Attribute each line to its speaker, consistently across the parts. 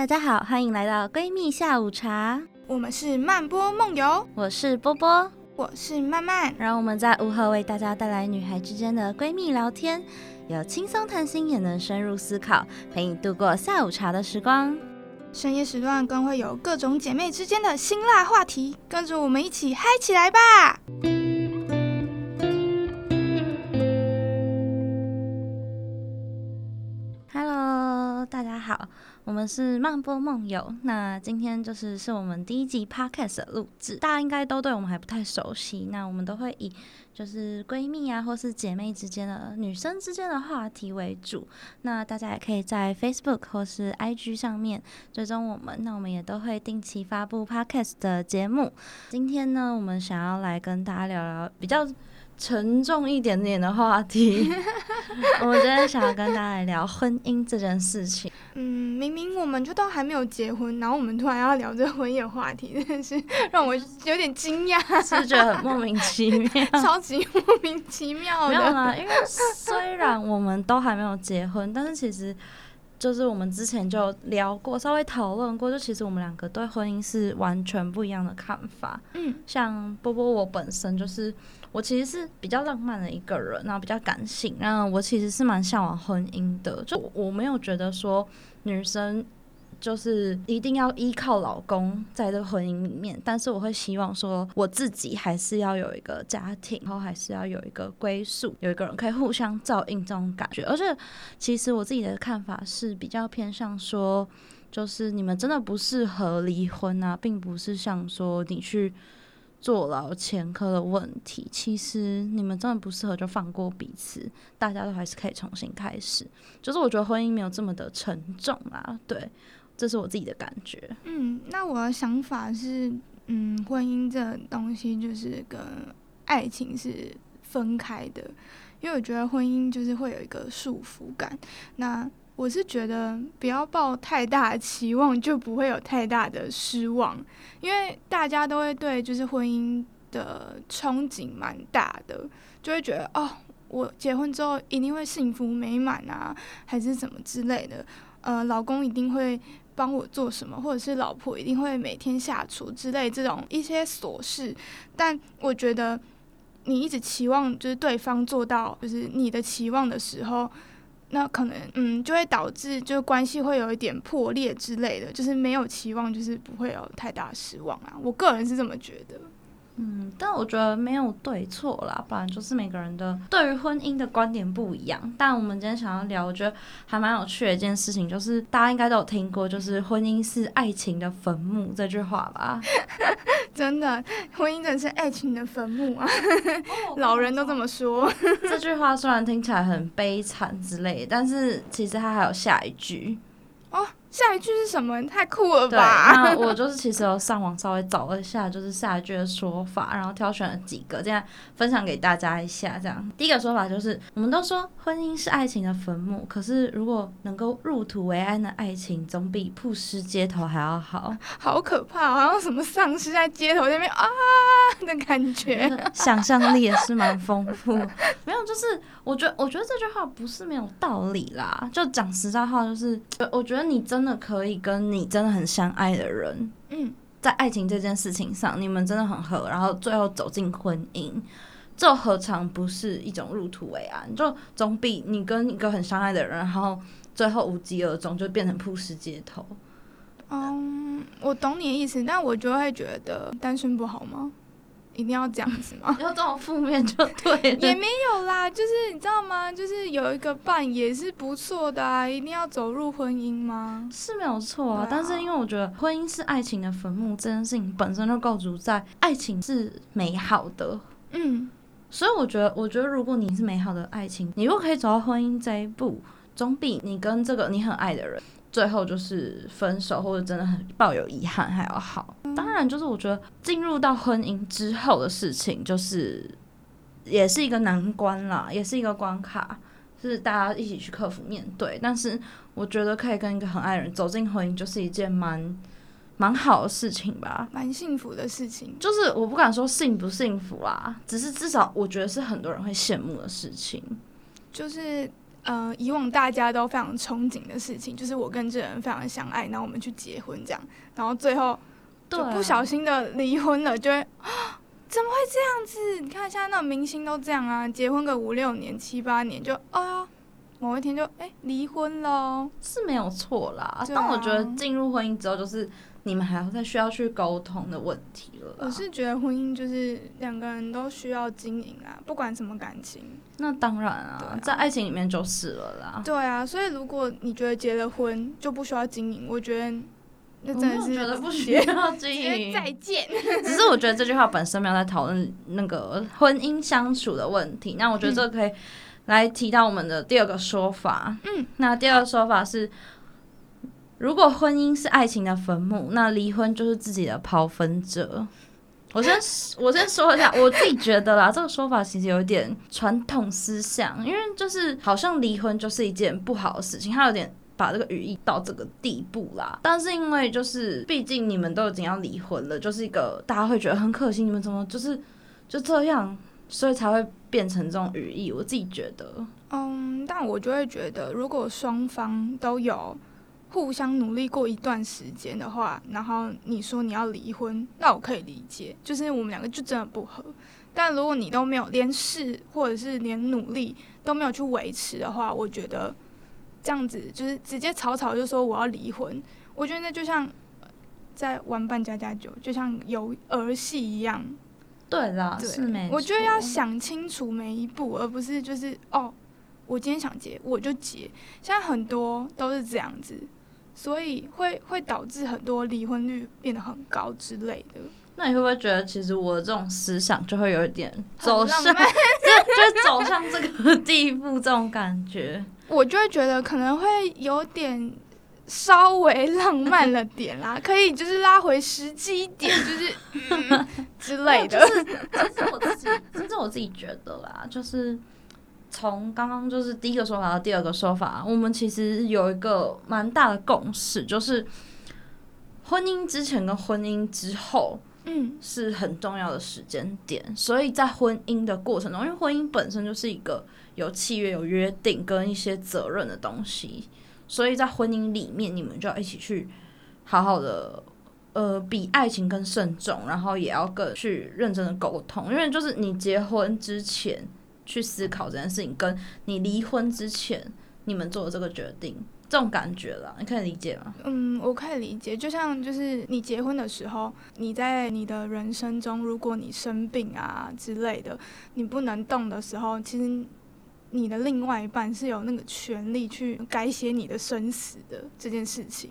Speaker 1: 大家好，歡迎來到閨蜜下午茶。我們是漫波夢遊，我是波波，我是漫漫。讓我們在午後為大家帶來女孩之間的閨蜜聊天，有輕鬆談心，也能深入思考，陪你度過下午茶的時光。
Speaker 2: 深夜時段更會有各種姐妹之間的辛辣話題，跟着我們一起嗨
Speaker 1: 起來吧！Hello，大家好。我們是漫波夢遊，那今天就是是我們第一集 Podcast 的錄製，大家應該都對我們還不太熟悉，那我們都會以就是閨蜜啊，或是姐妹之間的女生之間的話題為主，那大家也可以在 Facebook 或是 IG 上面追蹤我們，那我們也都會定期發布 Podcast 的節目。今天呢，我們想要來跟大家聊聊比較沉重一點點的話題， 我們今天想要跟大家聊婚姻這件事情。嗯，
Speaker 2: 明明我們就都還沒有結婚，然後我們突然要聊這個婚姻的話題，真的是讓我有點驚訝，是，
Speaker 1: 是覺得很莫名其妙， 超級莫名其妙的。沒有啦，因為雖然我們都還沒有結婚，但是其實就是我們之前就聊過，稍微討論過，就其實我們兩個對婚姻是完全不一樣的看法。嗯，像波波，我本身就是。我其實是比較浪漫的一個人，然後比較感性，然後我其實是蠻嚮往婚姻的。就我，我沒有覺得說女生就是一定要依靠老公在這個婚姻裡面，但是我會希望說我自己還是要有一個家庭，然後還是要有一個歸宿，有一個人可以互相照應這種感覺。而且其實我自己的看法是比較偏向說，就是你們真的不適合離婚啊，並不是像說你去。坐牢前科的問題，其實你們真的不適合，就放過彼此，大家都還是可以重新開始。就是我覺得婚姻沒有這麼的沉重啊，對，這是我自己的感覺。嗯，
Speaker 2: 那我的想法是，嗯，婚姻這個東西就是跟愛情是分開的，因為我覺得婚姻就是會有一個束縛感。那我是覺得不要抱太大的期望，就不會有太大的失望，因為大家都會對就是婚姻的憧憬蠻大的，就會覺得哦，我結婚之後一定會幸福美滿啊，還是什麼之類的，呃，老公一定會幫我做什麼，或者是老婆一定會每天下廚之類這種一些瑣事，但我覺得你一直期望就是對方做到就是你的期望的時候，那可能，嗯，就會導致就關係會有一點破裂之類的，就是沒有期望，就是不會有太大失望啊。我個人是這麼覺得。
Speaker 1: 嗯，但我覺得沒有對錯啦，不然就是每個人的對於婚姻的觀點不一樣。但我們今天想要聊，我覺得還蠻有趣的一件事情，就是大家應該都有聽過，就是“婚姻是愛情的墳墓”這句話吧？ 真的，婚姻真是愛情的墳墓啊！哦， 老人都這麼說。 這句話雖然聽起來很悲慘之類，但是其實它還有下一句。下一句是什麼？太酷了吧！我就是其實有上網稍微找了一下，就是下一句的說法，然後挑選了幾個，這樣分享給大家一下。這樣第一個說法就是：我們都說婚姻是愛情的墳墓，可是如果能夠入土為安的愛情，總比曝屍街頭還要好。好可怕，好像什麼喪屍在街頭那邊啊的感覺。你覺得，想象力也是蠻豐富。 沒有，就是我覺得我覺得這句話不是沒有道理啦。就講實在話，就是我覺得你真。真的可以跟你真的很相愛的人，嗯，在愛情這件事情上，你們真的很合，然後最後走進婚姻，這何嘗不是一種入土為安？就總比你跟一個很相愛的人，然後最後無疾而終，就變成曝屍街頭，
Speaker 2: 嗯。嗯，我懂你的意思，但我就會覺得單身不好嗎？一定要這樣子嗎？要 這種負面就對， 也沒有啦。就是你知道嗎？就是
Speaker 1: 有一個伴也是不錯的啊。一定要走入婚姻嗎？是沒有錯啊。但是因為我覺得婚姻是愛情的墳墓，真實性，本身就構築在愛情是美好的，嗯，所以我覺得，我覺得如果你是美好的愛情，你又可以走到婚姻這一步，總比你跟這個你很愛的人。最後就是分手，或者真的很抱有遺憾還，還要好。當然，就是我覺得進入到婚姻之後的事情，就是也是一個難關啦，也是一個關卡，是大家一起去克服面對。但是，我覺得可以跟一個很愛人走進婚姻，就是一件蠻蠻好的事情吧，
Speaker 2: 蠻幸福的事情。
Speaker 1: 就是我不敢說幸不幸福啦，只是至少我覺得是很多人會羨慕的事情。
Speaker 2: 就是。呃，以往大家都非常憧憬的事情，就是我跟這人非常相愛，然後我們去結婚這樣，然後最後
Speaker 1: 就不小心
Speaker 2: 的離婚了，就會啊，怎麼會這樣子？你看現在那明星都這樣啊，結婚個五六年、七八年就，啊、哦、
Speaker 1: 某一天就，哎、欸，離婚咯，是沒有錯啦。但我覺得進入婚姻之後就是。你們還要再需要去溝通的問題了。
Speaker 2: 我是覺得婚姻就是兩個人都需要經營啊，不管什麼感情。
Speaker 1: 那當然啊，啊在愛情裡面就是了啦。
Speaker 2: 對啊，所以如果你覺得結了婚就不需要經營，我覺得那真的是我覺得不需要經營， 再見。
Speaker 1: 只是我覺得這句話本身沒有在討論那個婚姻相處的問題，那我覺得這可以來提到我們的第二個說法。嗯，那第二個說法是。如果婚姻是愛情的墳墓，那離婚就是自己的刨墳者。我先我先說一下， 我自己覺得啦，這個說法其實有點傳統思想，因為就是好像離婚就是一件不好的事情，它有點把這個語義到這個地步啦。但是因為就是畢竟你們都已經要離婚了，就是一個大家會覺得很可惜，你們怎麼就是就這樣，所以才會變成這種語義。我自己覺得，
Speaker 2: 嗯，但我就會覺得，如果雙方都有。互相努力過一段時間的話，然後你說你要離婚，那我可以理解，就是我們兩個就真的不合。但如果你都沒有連試或者是連努力都沒有去維持的話，我覺得這樣子就是直接草草就說我要離婚，我覺得那就像在玩扮家家酒，就像遊兒戲一樣。對啦，對，是沒錯。我覺得要想清楚每一步，而不是就是哦，我今天想結，我就結。現在很多都是這樣子。所以會會導致很多離婚率變得很高之類的。
Speaker 1: 那你會不會覺得，其實我的這種思想就會有一點走向
Speaker 2: 就就走向這個地步這種
Speaker 1: 感覺？
Speaker 2: 我就會覺得可能會有點稍微浪漫了點啦，
Speaker 1: 可以就是拉回實際一點，就是 嗯，之類的。 就是、就是我自己，真正我自己覺得啦，就是。從剛剛就是第一個說法到第二個說法，我們其實有一個蠻大的共識，就是婚姻之前跟婚姻之後，嗯，是很重要的時間點，嗯。所以在婚姻的過程中，因為婚姻本身就是一個有契約、有約定跟一些責任的東西，所以在婚姻裡面，你們就要一起去好好的，呃，比愛情更慎重，然後也要更去認真的溝通，因為就是你結婚之前。去思考這件事情，跟你離婚之前你們做的這個決定，這種感覺了，你可以理解嗎？
Speaker 2: 嗯，我可以理解。就像就是你結婚的時候，你在你的人生中，如果你生病啊之類的，你不能動的時候，其實你的另外一半是有那個權利去改寫你的生死的這件事情。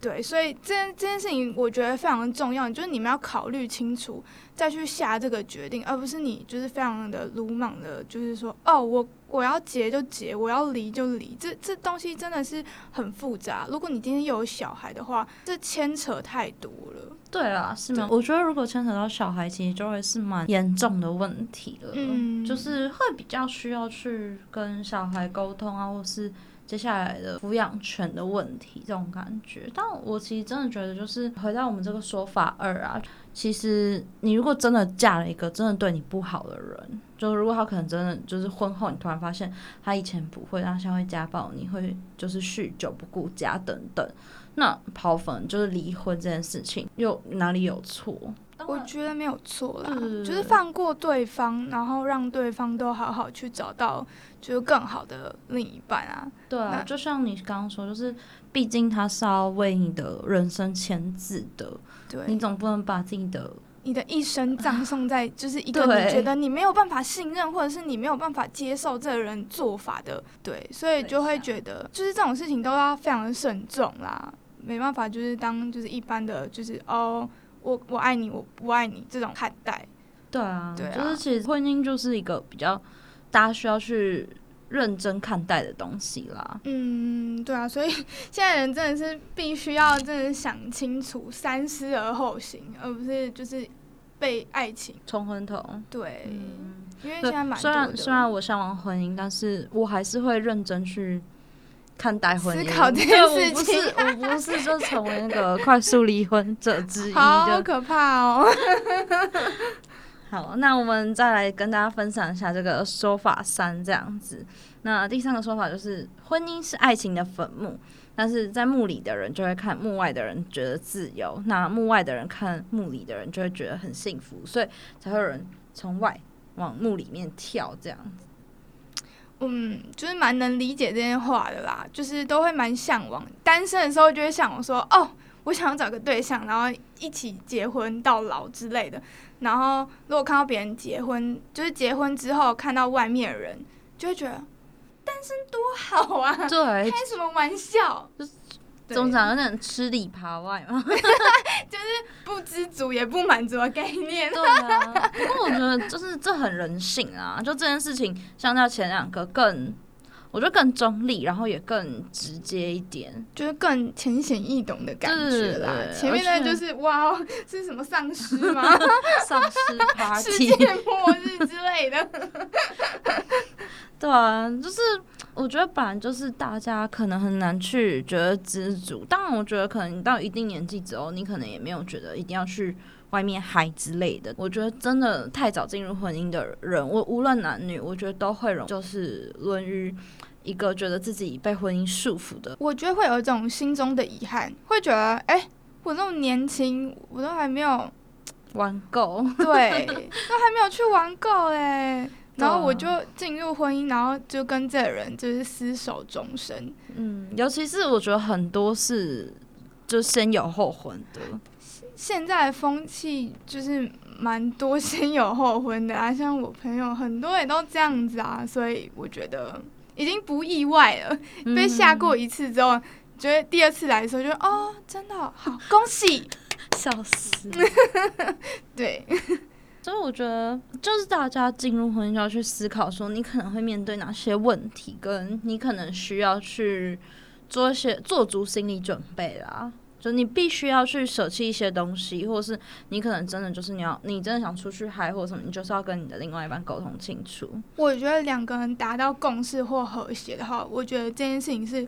Speaker 2: 對，所以這件這件事情我覺得非常的重要，就是你們要考慮清楚再去下這個決定，而不是你就是非常的魯莽的，就是說哦，我我要結就結，我要離就離，這這東西真的是很複雜。如果你今天又有小孩的話，
Speaker 1: 這牽扯太多了。對啊，是嗎？我覺得如果牽扯到小孩，其實就會是蠻嚴重的問題了，嗯，就是會比較需要去跟小孩溝通啊，或是。接下來的撫養權的問題，這種感覺。但我其實真的覺得，就是回到我們這個說法二啊，其實你如果真的嫁了一個真的對你不好的人，就是如果他可能真的就是婚後，你突然發現他以前不會，但現在會家暴，你會就是酗酒不顧家等等，那拋粉就是離婚這件事情又哪裡有錯？
Speaker 2: 我覺得沒有錯啦，是就是放過對方，然後讓對方都好好去找到就是更好的
Speaker 1: 另一半啊。對啊，那，就像你剛剛說，就是畢竟他是要為你的人生簽字的，對，你總不能把自己的
Speaker 2: 你的一生葬送在就是一個你覺得你沒有辦法信任或者是你沒有辦法接受這個人做法的，對，所以就會覺得就是這種事情都要非常的慎重啦。沒辦法，就是當就是一般的就是哦。我我愛你，我不愛你，這種看待對啊。對啊，就是
Speaker 1: 其實婚姻就是一個比較大家需要去認真看待的東西啦。嗯，
Speaker 2: 對啊，所以現在人真的是必須要真的想清楚，三思而後行，而不是就是被愛情沖
Speaker 1: 昏頭。對，嗯，因為現在雖然雖然我嚮往婚姻，但是我還是會認真去。看待婚姻的事情，我不是， 我不是就成為那個快速離婚者之一好。好可怕哦！ 好，那我們再來跟大家分享一下這個說法三，這樣子。那第三個說法就是，婚姻是愛情的墳墓，但是在墓裡的人就會看墓外的人覺得自由，那墓外的人看墓裡的人就會覺得很幸福，所以才會有人從外往墓裡面跳，這樣子。
Speaker 2: 嗯，就是蠻能理解這些話的啦，就是都會蠻向往單身的時候就會想說，哦，我想要找個對象，然後一起結婚到老之類的。然後如果看到別人結婚，就是結婚之後看到外面的人，就會覺得單身多好啊！對，開什麼玩笑？總長有點吃裡
Speaker 1: 扒外嘛， 就是不知足也不滿足的概念。對啊， 不過我覺得就是這很人性啊，就這件事情相較前兩個更，我覺得更中立，然後也更直接一點，就是更淺顯易懂的感覺啦。是前面那就是
Speaker 2: 哇、哦，是什麼喪屍嗎？喪 屍 喪失 party  世界末
Speaker 1: 日之類的 對啊，就是。我覺得本來就是大家可能很難去覺得知足，當然，我覺得可能到一定年紀之後，你可能也沒有覺得一定要去外面嗨之類的。我覺得真的太早進入婚姻的人，我無論男女，我覺得都會容就是淪於一個覺得自己被婚姻束縛的。
Speaker 2: 我覺得會有一種心中的遺憾，會覺得哎、欸，我那麼年輕，我都還沒有玩夠，對， 都還沒有去玩夠哎。然後我就進入婚姻，然後就跟這個人
Speaker 1: 就是廝守終身。嗯，尤其是我覺得很多是就先有後婚的。
Speaker 2: 現在的風氣就是蠻多先有後婚的啊，像我朋友很多也都這樣子啊，所以我覺得已經不意外了。嗯、被嚇過一次之後，覺得第二次來的時候就、嗯、哦，真的好恭喜，笑死。
Speaker 1: 對。所以我覺得，就是大家進入婚姻要去思考，說你可能會面對哪些問題，跟你可能需要去做一些做足心理準備啦。就你必須要去捨棄一些東西，或是你可能真的就是你要，你真的想出去嗨或什麼，你就是要跟你的另外一半溝通清楚。
Speaker 2: 我覺得兩個人達到共識或和諧的話，我覺得這件事情是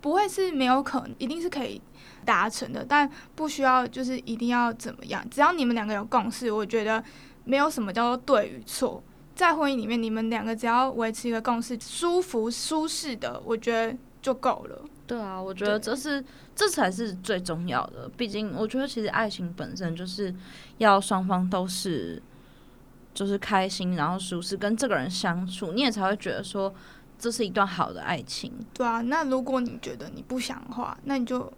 Speaker 2: 不會是沒有可能，一定是可以達成的，但不需要就是一定要怎麼樣，只要你們兩個有共識，我覺得沒有什麼叫做對與錯。在婚姻裡面，你們兩個只要維持一個共識，舒服、
Speaker 1: 舒適的，我覺得就夠了。對啊，我覺得這是這才是最重要的。畢竟，我覺得其實愛情本身就是要雙方都是就是開心，然後舒適，跟這個人相處，你也才會覺得說這是一段好的愛情。
Speaker 2: 對啊，那如果你覺得你不想的話，那你就。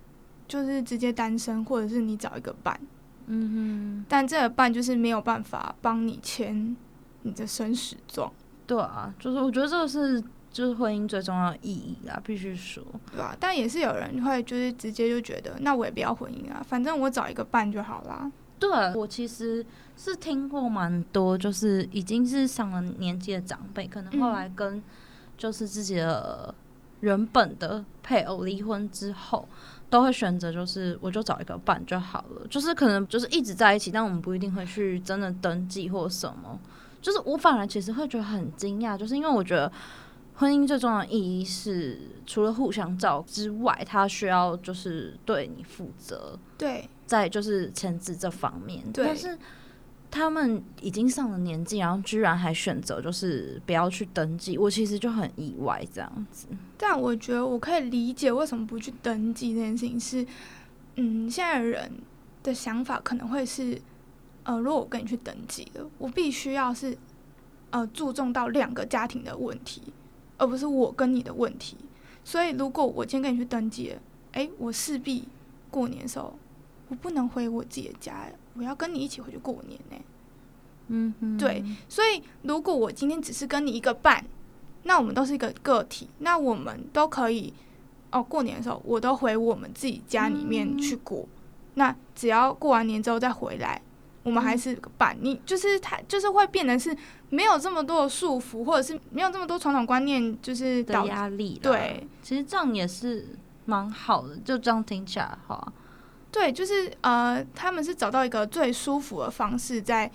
Speaker 2: 就是直接單身，或者是你找一個伴，嗯哼，但這個伴就是沒有辦法幫你簽你的生死狀。對啊，就是我覺得這個是就是婚姻
Speaker 1: 最重要的意義啊，必須說，對吧？對啊，
Speaker 2: 但也是有人會就是直接就覺得，那我也不要婚姻啊，反正我找一個伴就好啦。
Speaker 1: 對啊，我其實是聽過蠻多，就是已經是上了年紀的長輩，可能後來跟就是自己的原本的配偶離婚之後。都會選擇，就是我就找一個伴就好了，就是可能就是一直在一起，但我們不一定會去真的登記或什麼。就是我反而其實會覺得很驚訝，就是因為我覺得婚姻最重要的意義是，除了互相照顧之外，他需要就是對你負責，對，在就是簽字這方面，對。但是他們已經上了年紀，然後居然還選擇就是不要去登記，我其實就很意外這樣子。
Speaker 2: 但我覺得我可以理解為什麼不去登記這件事情是，嗯，現在的人的想法可能會是，呃，如果我跟你去登記了，我必須要是，呃，注重到兩個家庭的問題，而不是我跟你的問題。所以如果我今天跟你去登記了，誒、欸，我勢必過年的時候。我不能回我自己的家，我要跟你一起回去過年呢、欸。嗯哼，對，所以如果我今天只是跟你一個伴，那我們都是一個個體，那我們都可以哦。過年的時候，我都回我們自己家裡面去過、嗯。那只要過完年之後再回來，我們還是個伴、嗯。你就是他，就是會變成是沒有這麼多的束縛，或者是沒有這麼多傳統觀念，就是的壓力。對，
Speaker 1: 其實這樣也是蠻好的，就這樣聽起來好啊。
Speaker 2: 對，就是呃，他們是找到一個最舒服的方式在，在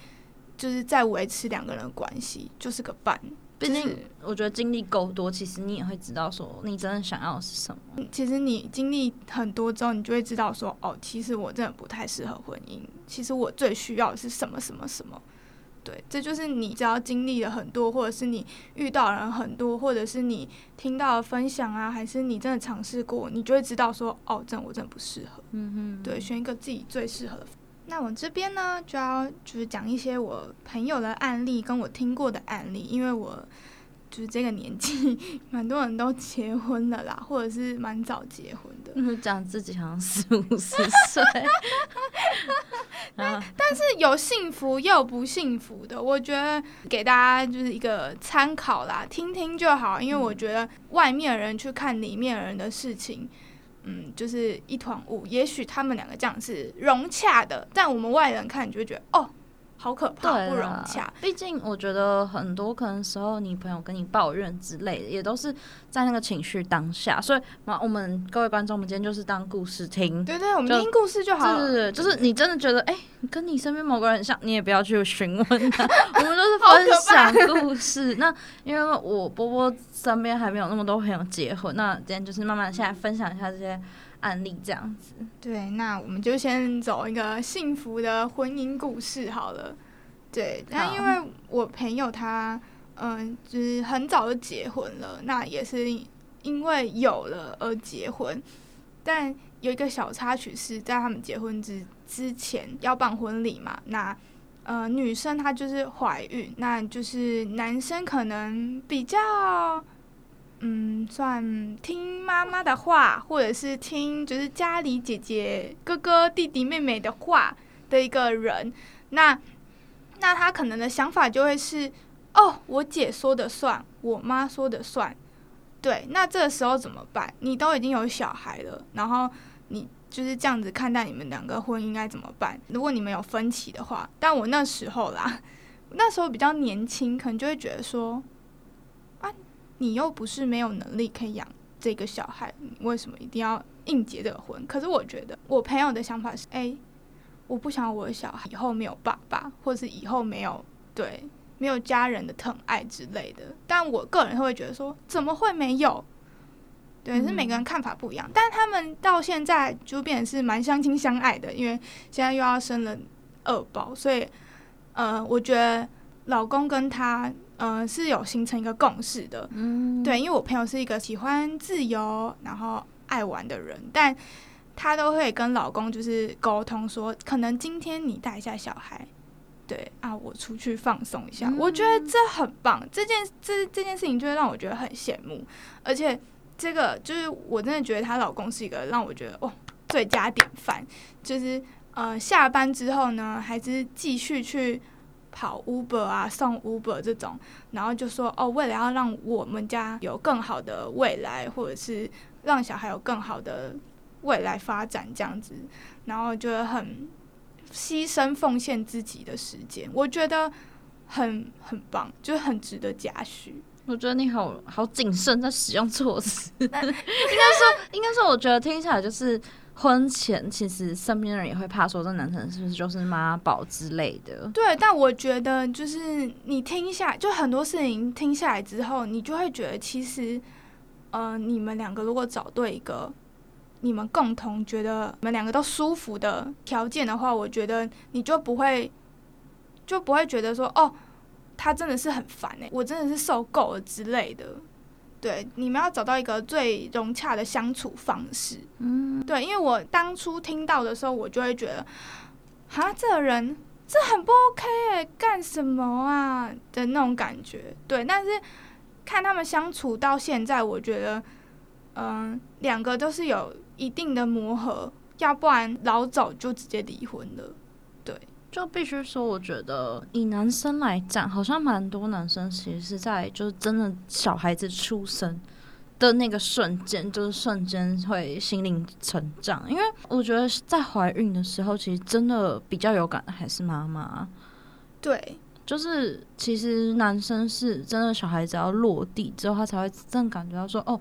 Speaker 2: 就是在維持兩個人的關係，就是個伴。
Speaker 1: 畢竟我覺得經歷夠多，其實你也會知道說，你真的想要的是什麼。其實你經歷很
Speaker 2: 多之後，你就會知道說，哦，其實我真的不太適合婚姻。其實我最需要的是什麼什麼什麼。對，這就是你只要經歷了很多，或者是你遇到人很多，或者是你聽到分享啊，還是你真的嘗試過，你就會知道說，哦，這我真的不適合。嗯嗯，對，選一個自己最適合的。那我這邊呢，就要就是講一些我朋友的案例，跟我聽過的案例，因為我。就是這個年紀，蠻多人都結婚了啦，或者是蠻早結婚的。講自己好像
Speaker 1: 四五十
Speaker 2: 歲， 但但是有幸福又有不幸福的。我覺得給大家就是一個參考啦，聽聽就好。因為我覺得外面的人去看裡面的人的事情，嗯，嗯，就是一團霧。也許他
Speaker 1: 們兩個這樣是融洽的，但我們外人看你就會覺得哦，好可怕，不融洽。畢、啊、竟我覺得很多可能時候，你朋友跟你抱怨之類的，也都是在那個情緒當下。所以嘛，我們各位觀眾，我們今天就是當故事聽。對對，對就，我們聽故事就好了。就是、就是、你真的覺得，哎、欸，跟你身邊某個人像，你也不要去詢問、啊。他， 我們都是分享故事。 那因為我波波身邊還沒有那麼多朋友結婚，那今天就是慢慢先來分享一下這些。案例這樣子，對，那
Speaker 2: 我們就先走一個幸福的婚姻故事好了。對，那因為我朋友他，嗯、呃，就是很早就結婚了，那也是因為有了而結婚。但有一個小插曲是在他們結婚之之前要辦婚禮嘛，那呃，女生她就是懷孕，那就是男生可能比較。嗯，算聽媽媽的話，或者是聽就是家裡姐姐、哥哥、弟弟、妹妹的話的一個人。那那他可能的想法就會是：哦，我姐說的算，我媽說的算。對，那這時候怎麼辦？你都已經有小孩了，然後你就是這樣子看待你們兩個婚姻，應該怎麼辦？如果你們有分歧的話，但我那時候啦，那時候比較年輕，可能就會覺得說。你又不是沒有能力可以養這個小孩，你為什麼一定要硬結這個婚？可是我覺得我朋友的想法是：哎、欸，我不想要我的小孩以後沒有爸爸，或是以後沒有對沒有家人的疼愛之類的。但我個人會覺得說，怎麼會沒有？
Speaker 1: 對，是每個人看
Speaker 2: 法不一樣。嗯、但他們到現在就變成是蠻相親相愛的，因為現在又要生了二寶，所以呃，我覺得老公跟他。嗯、呃，是有形成一個共識的、嗯，對，因為我朋友是一個喜歡自由，然後愛玩的人，但她都會跟老公就是溝通說，可能今天你帶一下小孩，對啊，我出去放鬆一下、嗯，我覺得這很棒，這件這這件事情就會讓我覺得很羨慕，而且這個就是我真的覺得她老公是一個讓我覺得哦，最佳典範，就是呃，下班之後呢，還是繼續去。跑 Uber 啊，送 Uber 這種，然後就說哦，為了要讓我們家有更好的未來，或者是讓小孩有更好的未來發展這樣子，然後就很犧牲奉獻自己的時間，我覺得
Speaker 1: 很很棒，就很值得嘉許。我覺得你好好謹慎在使用措辭， 應該說，應該說，我覺得聽起來就是。婚前其實身邊人也會怕說這男生是不是就是媽寶之類的。對，但我覺得就
Speaker 2: 是你聽一下，就很多事情聽下來之後，你就會覺得其實，呃，你們兩個如果找對一個，你們共同覺得你們兩個都舒服的條件的話，我覺得你就不會就不會覺得說哦，他真的是很煩哎、欸，我真的是受夠了之類的。對，你們要找到一個最融洽的相處方式。嗯，對，因為我當初聽到的時候，我就會覺得，啊，這個人這很不 OK 哎、欸，幹什麼啊的那種感覺。對，但是看他們相處到現在，我覺得，嗯、呃，兩個都是有一定的磨合，要不然老早就直接離婚了。
Speaker 1: 就必須說，我覺得以男生來講，好像蠻多男生其實是在就是真的小孩子出生的那個瞬間，就是瞬間會心靈成長。因為我覺得在懷孕的時候，其實真的比較有感的還是媽媽。對，就是其實男生是真的小孩子要落地之後，他才會真的感覺到說，哦，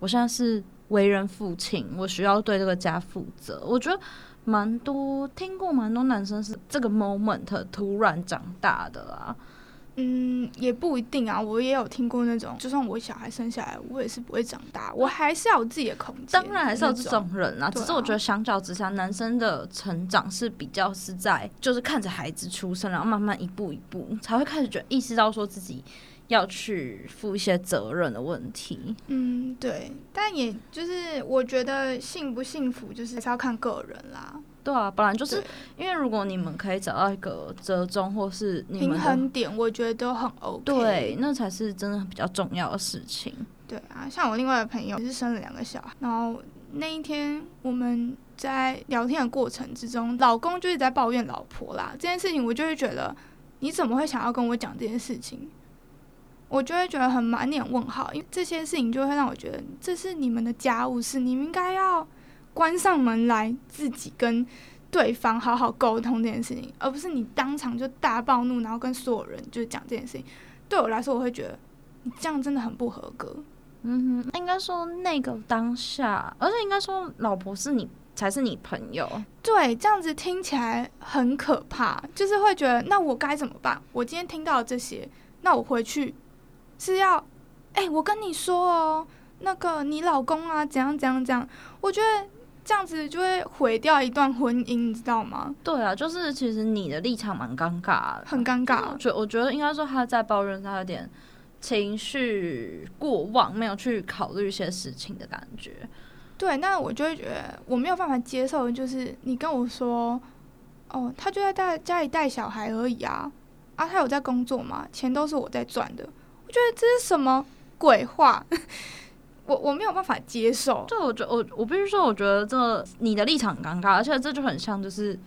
Speaker 1: 我現在是為人父親，我需要對這個家負責。我覺得。蠻多聽過，蠻多男生是這個 moment 突然長大的啦，
Speaker 2: 啊。嗯，也不一定啊。我也有聽過那種，就算我小孩生下來，我也是不
Speaker 1: 會長大，我還是要有自己的空間。當然還是要這種人啊，那種，只是我覺得相較之下，對啊，男生的成長是比較是在，就是看着孩子出生，然後慢慢一步一步，才會開始覺得意識到說自己，要去負一些責任的問題。嗯，對，
Speaker 2: 但也就是我覺得幸不幸福，就是還是要看個人啦。
Speaker 1: 對啊，不然就是因為如果你們可以找到一個折中或是你們平衡點，我覺得都很 OK。對，那才是真的比較重要的事情。對啊，像
Speaker 2: 我另外的朋友也是生了兩個小孩，然後那一天我們在聊天的過程之中，老公就是在抱怨老婆啦這件事情，我就會覺得你怎麼會想要跟我講這件事情？我就會覺得很滿臉問號，因為這些事情就會讓我覺得，這是你們的家務事，你們應該要關上門來自己跟對方好好溝通這件事情，而不是你當場就大暴怒，然後跟所有人
Speaker 1: 就講這件事情。對我來說，我會覺得你這樣真的很不合格。嗯哼，應該說那個當下，而且應該說老婆是你才是你朋友。
Speaker 2: 對，這樣子聽起來很可怕，就是會覺得那我該怎麼辦？我今天聽到了這些，那我回去。是要，哎、欸，我跟你說哦，那個你老公啊，怎樣怎樣怎樣，我覺得這樣子就會毀掉一段
Speaker 1: 婚姻，你知道嗎？對啊，就是其實你的立場蠻尷尬的，很尷尬。我覺得我覺得應該說他在抱怨，他有點情緒過旺，沒有去考慮一些事情的感覺。
Speaker 2: 對，那我就會覺得我沒有辦法接受，就是你跟我說，哦，他就在帶家裡帶小孩而已啊，啊，他有在工作嗎？錢都是我在賺的。我覺得這是什麼鬼話？
Speaker 1: 我我沒有辦法接受。就我覺我我必須說，我覺得這你的立場很尷尬，而且這就很像，就是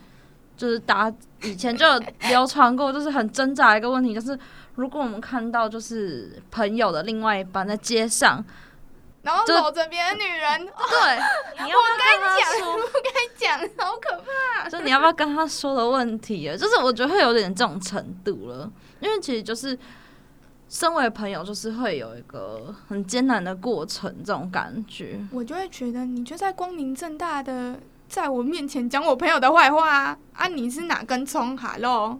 Speaker 1: 就是大家以前就有流傳過，就是很掙扎一個問題，就是如果我們看到就是朋友的另外一半在街上，
Speaker 2: 然後摟着別的女人，對、哦，你要不要跟他說？我跟你講，好可
Speaker 1: 怕！就你要不要跟他說的問題，就是我覺得會有點這種程度了，因為其實就是。身為朋友，就是會有一個很艱難的過程，這種感覺。
Speaker 2: 我就會覺得，你就在光明正大的在我面前講我朋友的壞話啊，啊！你是哪根蔥？哈嘍，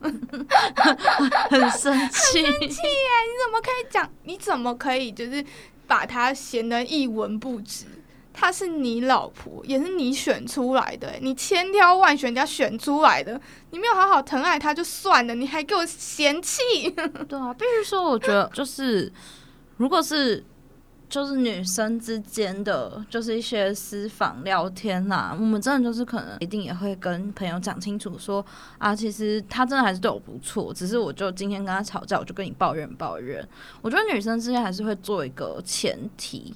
Speaker 2: 很生氣氣笑，生氣、欸、你怎麼可以講？你怎麼可以就是把他嫌得一文不值？她是你老婆，也是你選出來的、欸，你千挑萬選人家選出來的，你沒有好好疼愛她就算了，你還給我嫌棄
Speaker 1: 對啊，必須說，我覺得就是， 如果是就是女生之間的，就是一些私房聊天啦、啊。我們真的就是可能一定也會跟朋友講清楚說，說啊，其實他真的還是對我不錯，只是我就今天跟他吵架，我就跟你抱怨抱怨。我覺得女生之間還是會做一個前提。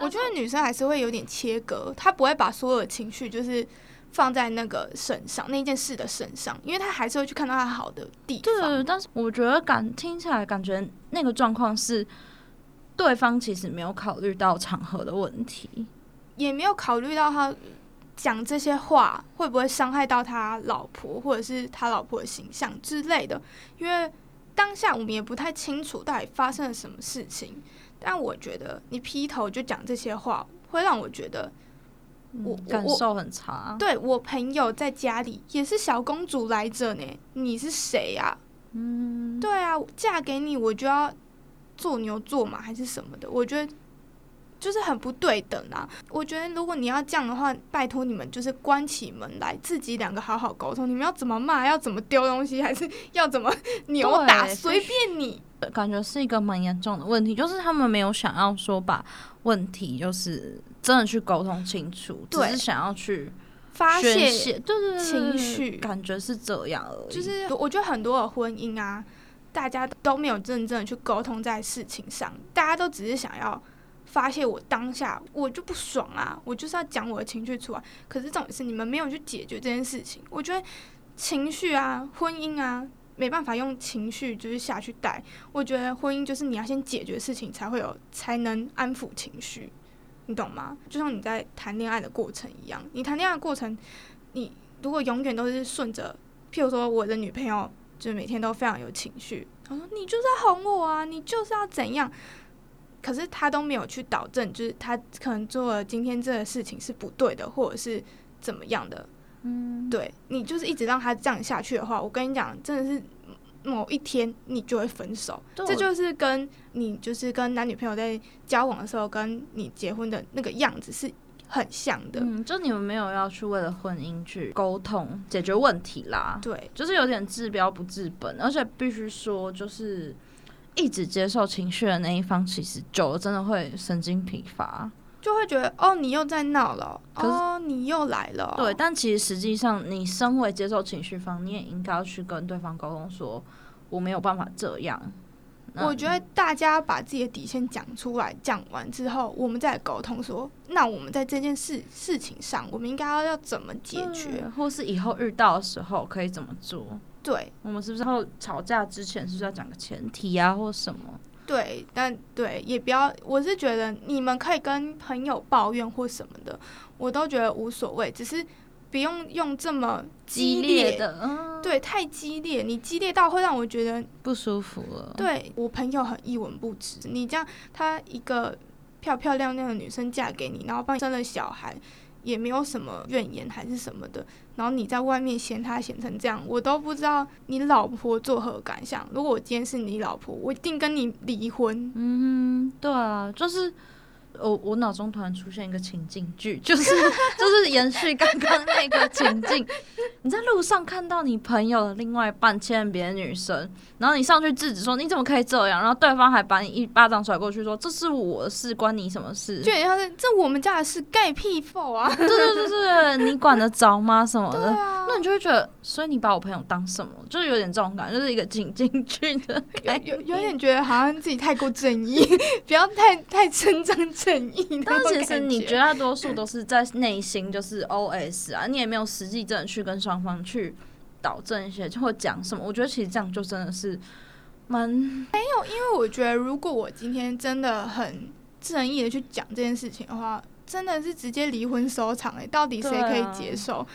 Speaker 2: 我覺得女生還是會有點切割，她不會把所有的情緒就是放在那個
Speaker 1: 身上，那件事的身上，因為她還是會去看到她好的地方。對，但是我覺得感聽起來感覺那個狀況是對方其實沒有考慮到場合的問題，
Speaker 2: 也沒有考慮到他講這些話會不會傷害到他老婆或者是他老婆的形象之類的，因為當下我們也不太清楚到底發生了什麼事情。但我覺得你劈頭就講這些話，會讓我覺得
Speaker 1: 我感受很差。對，
Speaker 2: 我朋友在家裡也是小公主來着呢，你是誰呀？嗯，對啊，嫁給你我就要做牛做馬還是什麼的？我覺得就是很不對等啊。我覺得如果你要這樣的話，拜托你們就是關起門來自己兩個好好溝通。你們要怎麼罵，要怎麼丟東西，還是要怎麼扭打，隨
Speaker 1: 便你。感覺是一個蠻嚴重的問題，就是他們沒有想要說把問題，就是真的去溝通清楚，對，只是想要去發洩，就是情緒，感覺是這樣而已。就是我
Speaker 2: 覺得很多的婚姻啊，大家都沒有真正去溝通在事情上，大家都只是想要發洩，我當下我就不爽啊，我就是要講我的情緒出來。可是這種事你們沒有去解決這件事情，我覺得情緒啊，婚姻啊。沒辦法用情緒就是下去帶，我覺得婚姻就是你要先解決事情才會有，才能安撫情緒，你懂嗎？就像你在談戀愛的過程一樣，你談戀愛的過程，你如果永遠都是順着，譬如說我的女朋友就是每天都非常有情緒，她說你就是要哄我啊，你就是要怎樣，可是她都沒有去導正，就是她可能做了今天這個事情是不對的，或者是怎麼樣的。嗯，對，你就是一直讓他這樣下去的話，我跟你講，真的是某一天你就會分手。這就是跟你就是跟男女朋友在交往的時候，跟你
Speaker 1: 結婚的那個樣子是很像的。嗯，就你們沒有要去為了婚姻去溝通解決問題啦。對，就是有點治標不治本，而且必須說就是一直接受情緒的那一方，其實久了真的會神經疲乏。就會覺得哦，你又在鬧了，哦，你又來了、哦。對，但其實實際上，你身為接受情緒方面，你也應該要去跟對方溝通說，我沒有辦法這樣。我覺得大家把自己的底線講出來，講完之後，我們再溝通
Speaker 2: 說，那我們在這件事事情上，我們應該要要怎麼解決，嗯、或是以後
Speaker 1: 遇到的時候可以怎麼做？
Speaker 2: 對，我們是不是吵架之前是不是要講個
Speaker 1: 前提啊，或什麼？
Speaker 2: 對，但對也不要，我是覺得你們可以跟朋友抱怨或什麼的，我都覺得無所謂，只是不用用這麼激烈，激烈的，對，太激烈，你激烈到會讓我覺得不舒服了。對，我朋友很一文不值，你這樣，她一個漂漂亮亮的女生嫁給你，然後幫你生了小孩。也沒有什麼怨言，還是什麼的，然後你在外面嫌他嫌成這樣，我都不知道你老婆作何感想。如果我今天是
Speaker 1: 你老婆，我一定跟你離婚。嗯，對啊，就是我我腦中突然出現一個情境劇，就是 就是延續剛剛那個情境， 你在路上看到你朋友的另外一半，牽別的女生。然後你上去制止說，你怎麼可以這樣？然後對方還把你一巴掌甩過去說，這是我的事，關你什麼事？對，要是這我們家的事蓋屁縫啊！對對對對，你管得着嗎？什麼的。對啊，那你就會覺得，所以你把我朋友當什麼？就是有點這種感覺，就是一個挺進去的，感覺有，有，有點覺得好像自己太過正義，不要太太伸張正義。
Speaker 2: 但其實你絕大
Speaker 1: 多數都是在內心就是 OS 啊，你也沒有實際證據跟雙方去。導正一些，就會講什麼？我覺得其實這樣就真的是蠻沒有，因為我覺得如果我今天真的很正義的去講這件
Speaker 2: 事情的話，真的是直接離婚收場誒、欸，到底誰可以接受？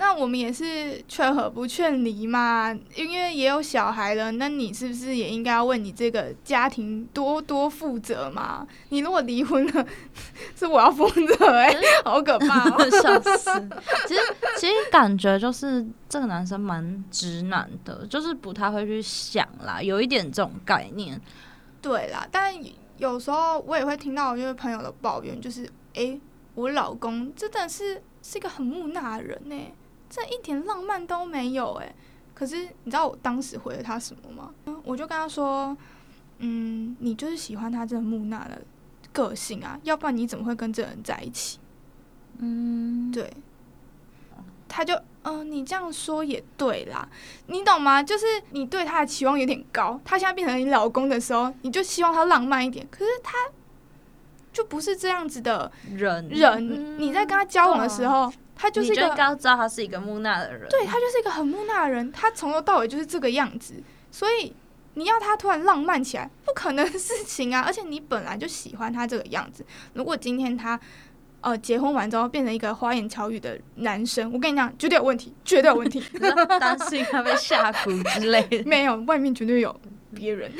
Speaker 2: 那我們也是勸和不勸離嘛，因為也有小孩了。那你是不是也應該要為你這個家庭多多負責嘛？你如果離婚了，
Speaker 1: 是我要負責哎、欸，好可怕，喔，想 死！其實其實感覺就是這個男生蠻直男的，就是不太會去想啦，有一點這種概念。
Speaker 2: 對啦，但有時候我也會聽到就是朋友的抱怨，就是哎、欸，我老公真的是是一個很木訥的人哎、欸。這一點浪漫都沒有哎、欸，可是你知道我當時回了他什麼嗎？我就跟他說，嗯，你就是喜歡他這個木訥的個性啊，要不然你怎麼會跟這個人在一起？嗯，對，他就，嗯、呃，你這樣說也對啦，你懂嗎？就是你對他的期望有點高，他現在變成你老公的時候，你就希望他浪漫一點，可是他就不是這樣
Speaker 1: 子的人人，你在跟他
Speaker 2: 交往的時候。嗯
Speaker 1: 他就是一個，剛知道他是一個木訥的人，對，他
Speaker 2: 就是一個很木訥的人，他從頭到尾就是這個樣子，所以你要他突然浪漫起來，不可能的事情啊！而且你本來就喜歡他這個樣子，如果今天他呃結婚完之後變成一個花言巧語的男生，我跟你講，絕對有問題，絕對有問題，當心他被嚇唬之類的，沒有，外面絕對有
Speaker 1: 別人。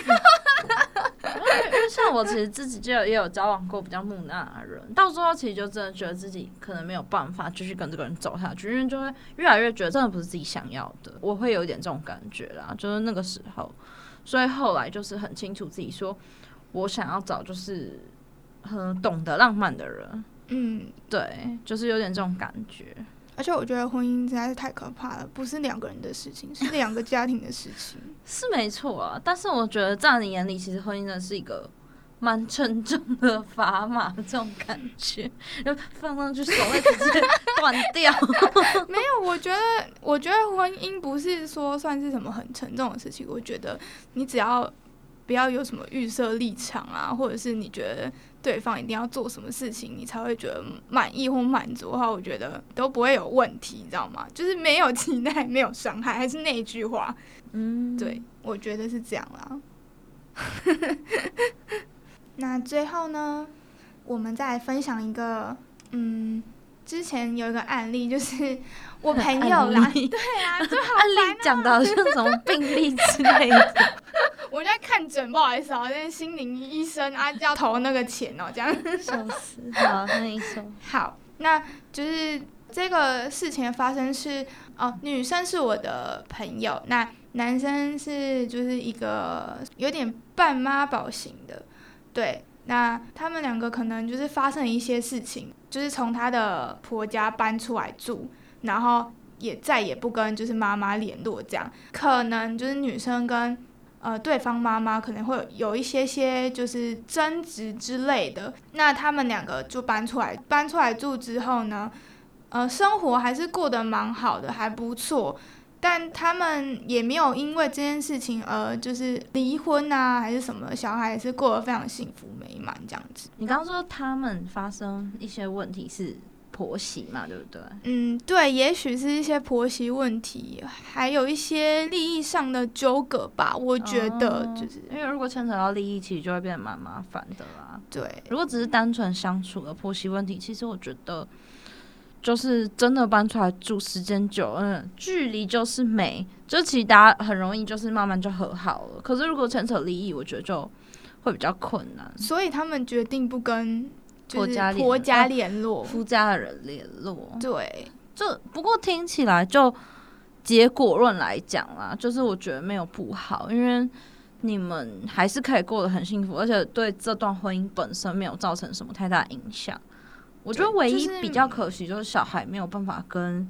Speaker 1: 因為像我其實自己就也有交往過比較木訥的人，到時候其實就真的覺得自己可能沒有辦法繼續跟這個人走下去，因為就會越來越覺得真的不是自己想要的。我會有一點這種感覺啦，就是那個時候，所以後來就是很清楚自己說我想要找就是很懂得浪漫的人。嗯，對，就是有點這種感覺。
Speaker 2: 而且我覺得婚姻真的是太
Speaker 1: 可怕了，不是兩個人的事情，是兩個家庭的事情，是沒錯啊。但是我覺得在你眼裡，其實婚姻真的是一個蠻沉重的砝碼，這種感覺，然後放上去手會直接斷掉。 沒有，我覺得，
Speaker 2: 我覺得婚姻不是說算是什麼很沉重的事情。我覺得你只要不要有什麼預設立場啊，或者是你覺得。對方一定要做什麼事情，你才會覺得滿意或滿足的話，我覺得都不會有問題，你知道嗎？就是沒有期待，沒有傷害，還是那句話，嗯，對，我覺得是這樣啦。 那最後呢，我們再來分享一個，嗯。之前有一個案例，就是我朋友啦，
Speaker 1: 嗯、對啊，案例講得好像什麼病例之類的，
Speaker 2: 我在看診，不好意思啊、哦，這是心理醫生啊，要投那個錢哦，這樣。笑死好， 那你說，好，那就是這個事情的發生是哦、呃，女生是我的朋友，那男生是就是一個有點半媽寶型的，對。那他們兩個可能就是發生一些事情，就是從她的婆家搬出來住，然後也再也不跟就是媽媽聯絡，這樣可能就是女生跟呃對方媽媽可能會有一些些就是爭執之類的。那他們兩個就搬出來，搬出來住之後呢，呃，生活還是過得蠻好的，還不錯。但他們也沒有因為這件事情而就是離婚啊，還是什麼，小孩也是過得非常幸福美滿這樣子。你
Speaker 1: 剛剛說他們發生一些問題是婆媳嘛，對不對？嗯，
Speaker 2: 對，也許是一些婆媳問題，還有一些利益上的糾葛吧。我覺得就
Speaker 1: 是，嗯，因為如果牽扯到利益，其實就會變得蠻麻煩的啦。對，如果只是單純相處的婆媳問題，其實我覺得。就是真的搬出來住時間久了、嗯，距離就是美，就其實大家很容易就是慢慢就和好了。可是如果牽扯利益，我覺得就會比較困難。
Speaker 2: 所以他們決定不跟、就是、
Speaker 1: 婆家、啊、婆家聯絡、啊，夫家的人聯絡。對，就不過聽起來就結果論來講啦，就是我覺得沒有不好，因為你們還是可以過得很幸福，而且對這段婚姻本身沒有造成什麼太大影響。我覺得唯一比較可惜就是小孩沒有辦法跟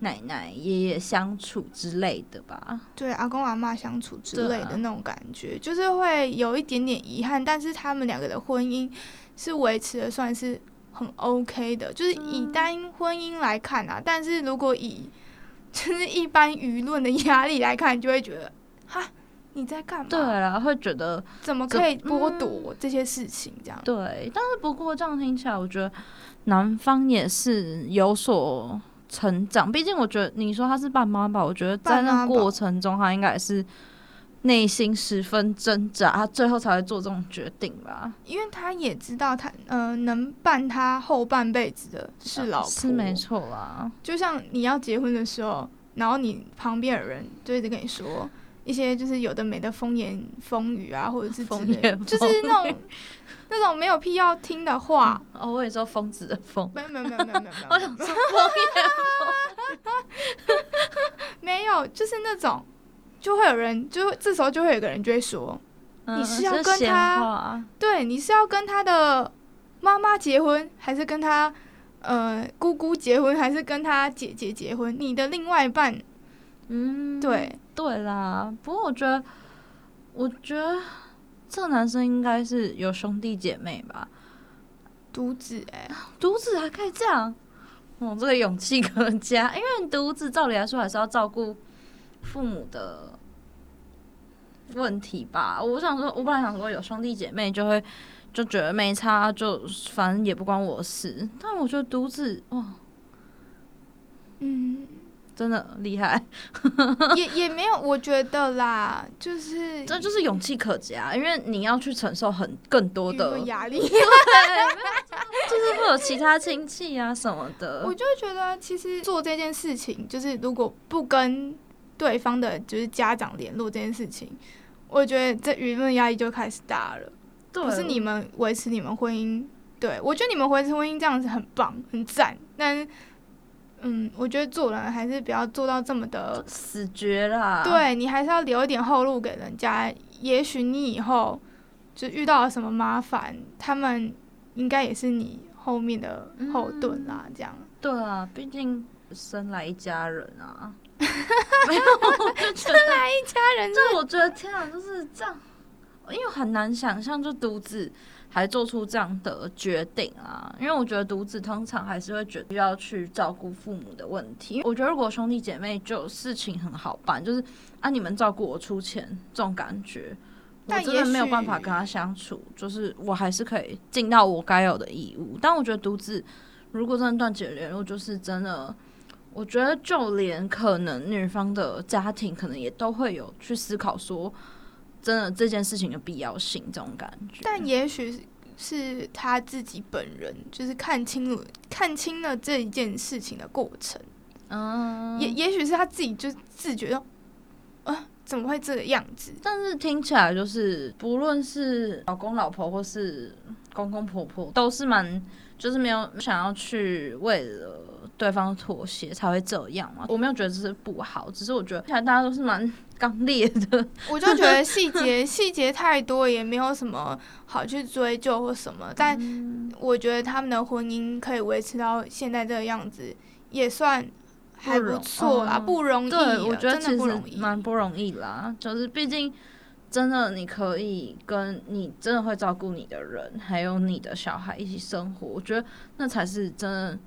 Speaker 1: 奶奶爺爺相處之類的吧。對，阿公阿嬤相處
Speaker 2: 之類的那種感覺，啊、就是會有一點點遺憾。但是他們兩個的婚姻是維持的，算是很 OK 的。就是以單婚姻來看啊，嗯、但是如果以就是一般輿論的壓力來看，就會覺得哈。你在幹
Speaker 1: 嘛？對啊，會覺得怎麼可以剝奪
Speaker 2: 這些事情這樣、
Speaker 1: 嗯？對，但是不過這樣聽起來，我覺得男方也是有所成長。畢竟我覺得你說他是爸媽吧，我覺得在那過程中，他應該也是內心十分掙扎，他最後才會做這種決定吧。
Speaker 2: 因為他也知道他，他、呃、嗯，能伴他後半輩子的
Speaker 1: 是老婆沒錯啦。
Speaker 2: 就像你要結婚的時候，然後你旁邊的人就一直跟你說。一些就是有的沒的風言風語啊，或者是風言，就是那種那種沒有必要聽的話，嗯。哦，我也說瘋子的瘋。沒有沒，沒，沒，沒，沒， 沒有沒有沒有沒有沒有就是那種就會有人，就會這時候就會有個人就會說，
Speaker 1: 嗯：“你是要跟他、嗯、
Speaker 2: 對，你是要跟他的媽媽結婚，還是跟他呃姑姑結婚，還是跟他姐姐結婚？你的另外
Speaker 1: 一半，嗯，對。”對啦，不過我覺得，我覺得這男生應該是有兄弟姐妹吧，獨子、欸，獨子還可以這樣，哇，哦，這個勇氣可嘉，因為獨子照理來說還是要照顧父母的問題吧。我想說，我本來想說有兄弟姐妹就會就覺得沒差，就反正也不關我的事，但我覺得獨子哇，嗯。真的厲害， 也也沒有，我覺得啦，就是這就是勇氣可嘉，因為你要去承受很更多的壓力， 就是會有其他親戚啊什麼的。我
Speaker 2: 就覺得，其實做這件事情，就是如果不跟對方的，就是家長聯絡這件事情，我覺得這輿論壓力就開始大了。
Speaker 1: 不是你們
Speaker 2: 維持你們婚姻，對我覺得你們維持婚姻這樣子很棒，很讚。但是嗯，我覺得做人還是不要做到這麼的死
Speaker 1: 絕啦。對，
Speaker 2: 你還是要留一點後路給人家，也許你以後就遇到了什麼麻煩，他們應該也是你
Speaker 1: 後面的後盾啦。嗯、這樣。對啊，畢竟生來一家人啊。沒有，生來一家人，就是。 就我覺得天啊，就是這樣，因為很難想象就獨自。還做出這樣的決定啊？因為我覺得獨子通常還是會覺得要去照顧父母的問題。我覺得如果兄弟姐妹，就事情很好辦，就是啊，你們照顧我出錢這種感覺，
Speaker 2: 我真的沒有辦法跟他
Speaker 1: 相處。就是我還是可以盡到我該有的義務，但我覺得獨子如果真的斷絕聯絡，就是真的，我覺得就連可能女方的家庭，可能也都會有去思考說。真的這件事情的必要性，這種感覺。但
Speaker 2: 也許是他自己本人，就是看清了看清了這一件事情的過程。嗯，也也許
Speaker 1: 是他自己就自覺哦，啊，怎麼會這個樣子？但是聽起來就是，不論是老公老婆或是公公婆婆，都是蠻就是沒有想要去為了對方妥協才會這樣嘛，啊。我沒有覺得這是不好，只是我覺得現在大家都是蠻。強烈的，我就覺得細節細節
Speaker 2: 太多也沒有什麼好去追究或什麼。 但我覺得他們的婚姻可以維持到現在這個樣子，也算還不錯啦，哦，不容易。對，真的不容易，我覺得其實
Speaker 1: 蠻不容易啦，就是畢竟真的你可以跟你真的會照顧你的人，還有你的小孩一起生活，我覺得那才是真的。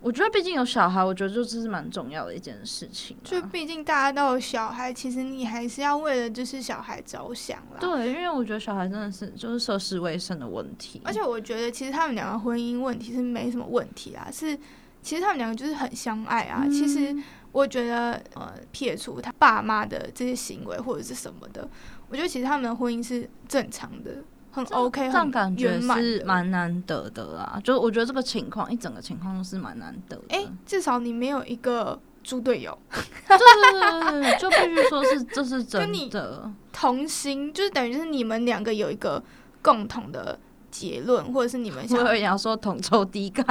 Speaker 1: 我覺得畢竟有小孩，我覺得就這是蠻重要的一件事情啊。
Speaker 2: 就畢竟大家都有小孩，其實你還是要為了就是小孩着想啦。對，
Speaker 1: 因為我覺得小孩真的是就是涉世未深的問題。而且我覺得其實他們兩個婚姻
Speaker 2: 問題是沒什麼問題啊，是其實他們兩個就是很相愛啊。嗯，其實我覺得呃撇除他爸媽的這些行為或者是什麼的，我覺得其實他們的
Speaker 1: 婚姻是正常的。很
Speaker 2: OK，很圓滿，這樣感覺是
Speaker 1: 蠻難得的啦、啊。就我覺得這個情況，一整個情況都是蠻難得的。哎、欸，至少你沒有一個豬隊
Speaker 2: 友， 對，對，對，就必須說是這、就是真的跟你同心，就是等於是你們兩個有一個共同的。結論，或者是你們想要說同仇敵愾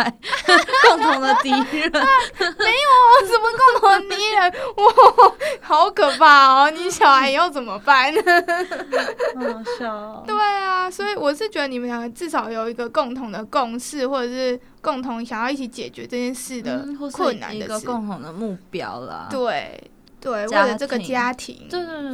Speaker 2: 共同的敵人、 啊，沒有哦，什麼共同敵人？哇， 好可怕哦！你小孩要怎麼辦？呢、 哦？對啊，所以我是覺得你們兩個至少有一個共同的共識，或者是共同想要一起解決這件事的困難的事、嗯、一個共同
Speaker 1: 的目標啦。
Speaker 2: 對。對，為了這個家庭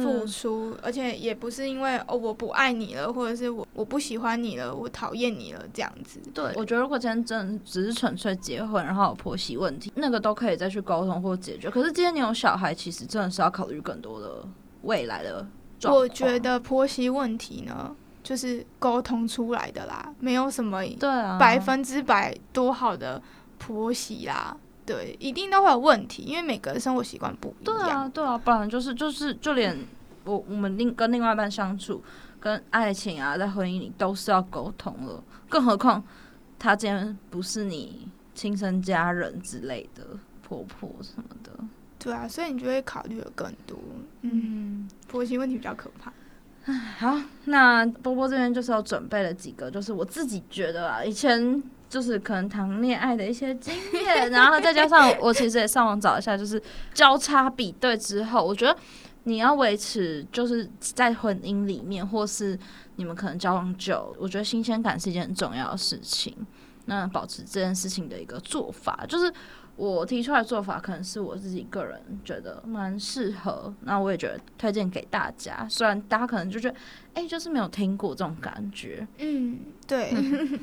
Speaker 2: 付出，對對對，而且也不是因為
Speaker 1: 哦我不愛你了，或者是我我不喜歡你了，我討厭你了這樣子。對，我覺得如果真正真只是純粹結婚，然後有婆媳問題，那個都可以再去溝通或解決。可是今天你有小孩，其實真的是要考慮更多的未來的狀況。我覺得
Speaker 2: 婆媳問題呢，就是溝通出來的啦，沒有什麼對啊百分之百多好的婆媳啦。對，一定都會有問題，因為每個人生活習慣不一
Speaker 1: 樣。對啊，對啊，不然就是就是，就連我我們另跟另外一半相處，跟愛情啊，在婚姻裡都是要溝通了，更何況他這邊不是你親生家人之類的，婆婆什麼的。對啊，所以你就會考慮的更多。嗯，婆媳問題比較可怕。哎，好，那波波這邊就是要準備了幾個，就是我自己覺得啊，以前。就是可能談戀愛的一些經驗，然後再加上我其實也上網找一下，就是交叉比對之後，我覺得你要維持就是在婚姻裡面，或是你們可能交往久，我覺得新鮮感是一件很重要的事情。那保持這件事情的一個做法，就是我提出來的做法，可能是我自己個人覺得蠻適合。那我也覺得推薦給大家，雖然大家可能就覺得欸，就是沒有聽過這種感覺。嗯，
Speaker 2: 對。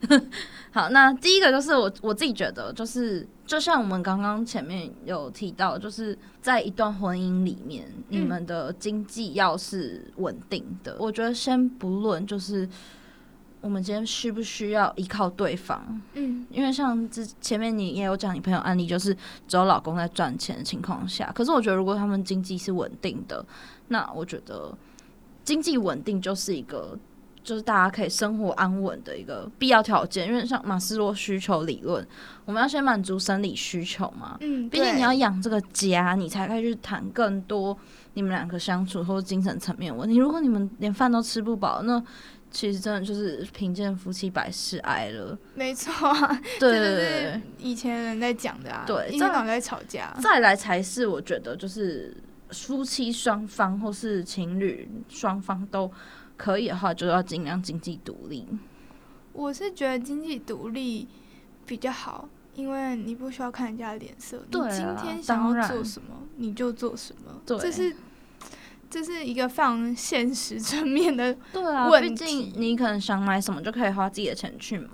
Speaker 1: 好，那第一個就是我我自己覺得，就是就像我們剛剛前面有提到，就是在一段婚姻裡面，嗯、你們的經濟要是穩定的，我覺得先不論就是我們今天需不需要依靠對方，嗯，因為像之前面你也有講你朋友案例，就是只有老公在賺錢的情況下，可是我覺得如果他們經濟是穩定的，那我覺得經濟穩定就是一個。就是大家可以生活安穩的一個必要條件，因為像馬斯洛需求理論，我們要先滿足生理需求嘛。嗯，畢竟你要養這個家，你才可以去談更多你們兩個相處或者精神層面問題。如果你們連飯都吃不飽，那其實真的就是貧賤夫妻百事哀了。沒錯，
Speaker 2: 對，對對對，就是，以前人在講的啊，對，經常在吵架。再
Speaker 1: 來才是我覺得就是夫妻雙方或是情侶雙方都。可以的話，就要盡量經濟獨立。
Speaker 2: 我是覺得經濟獨立比較好，因為你不需要看人家臉色，你今天想要做什麼
Speaker 1: 你就做什麼，這是這是一個非常現實層面的對啊，畢竟你可能想買什麼就可以花自己的錢去買，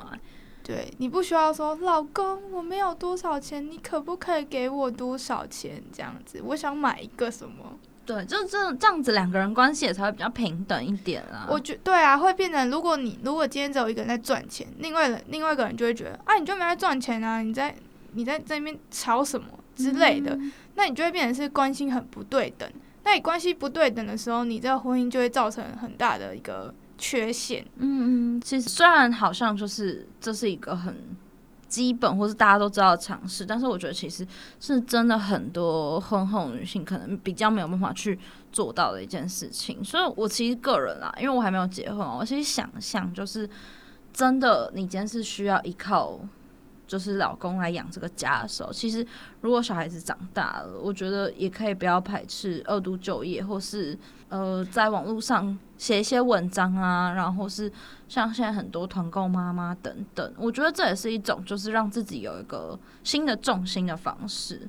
Speaker 2: 對你不需要說老公我沒有多少錢，你可不可以給我多少錢這樣子？
Speaker 1: 我想買一個什麼？對，就是這這樣子，兩個人關係也才會比較平等一點啦、啊。我覺
Speaker 2: 對啊，會變成如果你如果今天只有一個人在賺錢，另外另外一個人就會覺得啊，你就沒在賺錢啊，你在你在這邊吵什麼之類的、嗯，那你就會變成是關係很不對等。那你關係不對等的時候，你這個婚姻就會造成很大
Speaker 1: 的一個缺陷。嗯嗯，其實雖然好像就是這是一個很。基本或是大家都知道的嘗試，但是我覺得其實是真的很多婚後女性可能比較沒有辦法去做到的一件事情。所以我其實個人啦，因為我還沒有結婚，我其實想象就是真的，你今天是需要依靠就是老公來養這個家的時候，其實如果小孩子長大了，我覺得也可以不要排斥二度就業或是呃在網絡上寫一些文章啊，然後是像現在很多團購媽媽等等，我覺得這也是一種就是讓自己有一個新的重心的方式。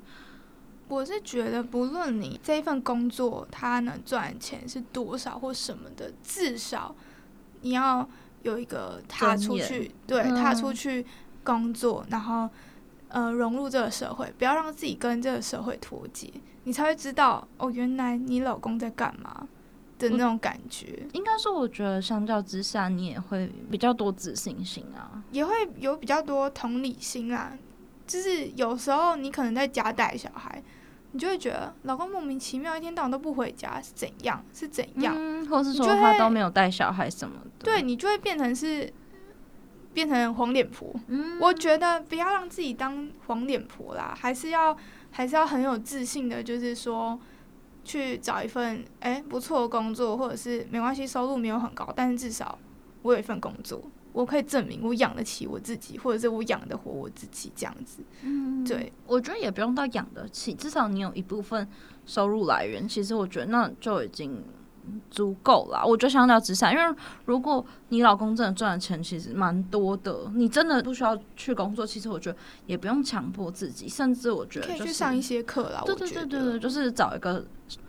Speaker 2: 我是覺得，不論你這一份工作它能賺錢是多少或什麼的，至少你要有一個踏出去，對，踏出去工作，嗯、然後呃融入這個社會，不要讓自己跟這個社會脫
Speaker 1: 節，你才會知道哦，原來你老公在幹嘛。的那種感覺，應該說我覺得相較之下，你也會比較多自信心啊，
Speaker 2: 也會有比較多同理心啊。就是有時候你可能在家帶小孩，你就會覺得老公莫名其妙一天到晚都不回家，是怎樣？是怎樣？嗯、或是說他都沒
Speaker 1: 有帶小孩什麼的，
Speaker 2: 你對你就會變成是變成黃臉婆。嗯，我覺得不要讓自己當黃臉婆啦，還是要還是要很有自信的，就是說。去找一份誒、欸、不錯的工作，或者是沒關係，收入沒有很高，但是至少我有一份工作，我可以證明我養得起我自己，或者是我
Speaker 1: 養得活我自己這樣子。
Speaker 2: 嗯、對。
Speaker 1: 我覺得也不用到養得起，至少你有一部分收入來源，其實我覺得那就已經。.足夠啦，我覺得相較之下，因為如果你老公真的賺的錢其實蠻多的，你真的不需要去工作，其實我覺得也不用強迫自己，甚至我覺得、就是、可以去上一些課啦，對對對對，對我覺得，就是找一個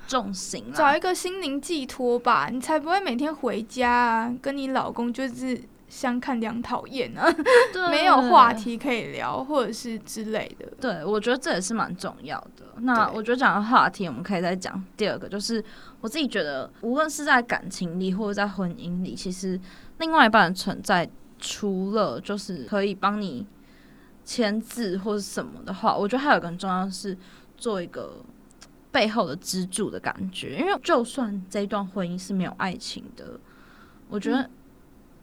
Speaker 1: 重心，找一
Speaker 2: 個心靈寄託吧，你才不會每天回家啊，跟你老公就是。相看兩討厭呢， 對，沒有話題
Speaker 1: 可以聊，或者是之類的。對，我覺得這也是蠻重要的。那我覺得講的話題，我們可以再講第二個，就是我自己覺得，無論是在感情裡或者在婚姻裡，其實另外一半的存在，除了就是可以幫你簽字或者什麼的話，我覺得還有一個很重要的是做一個背後的支柱的感覺。因為就算這一段婚姻是沒有愛情的，我覺得，嗯。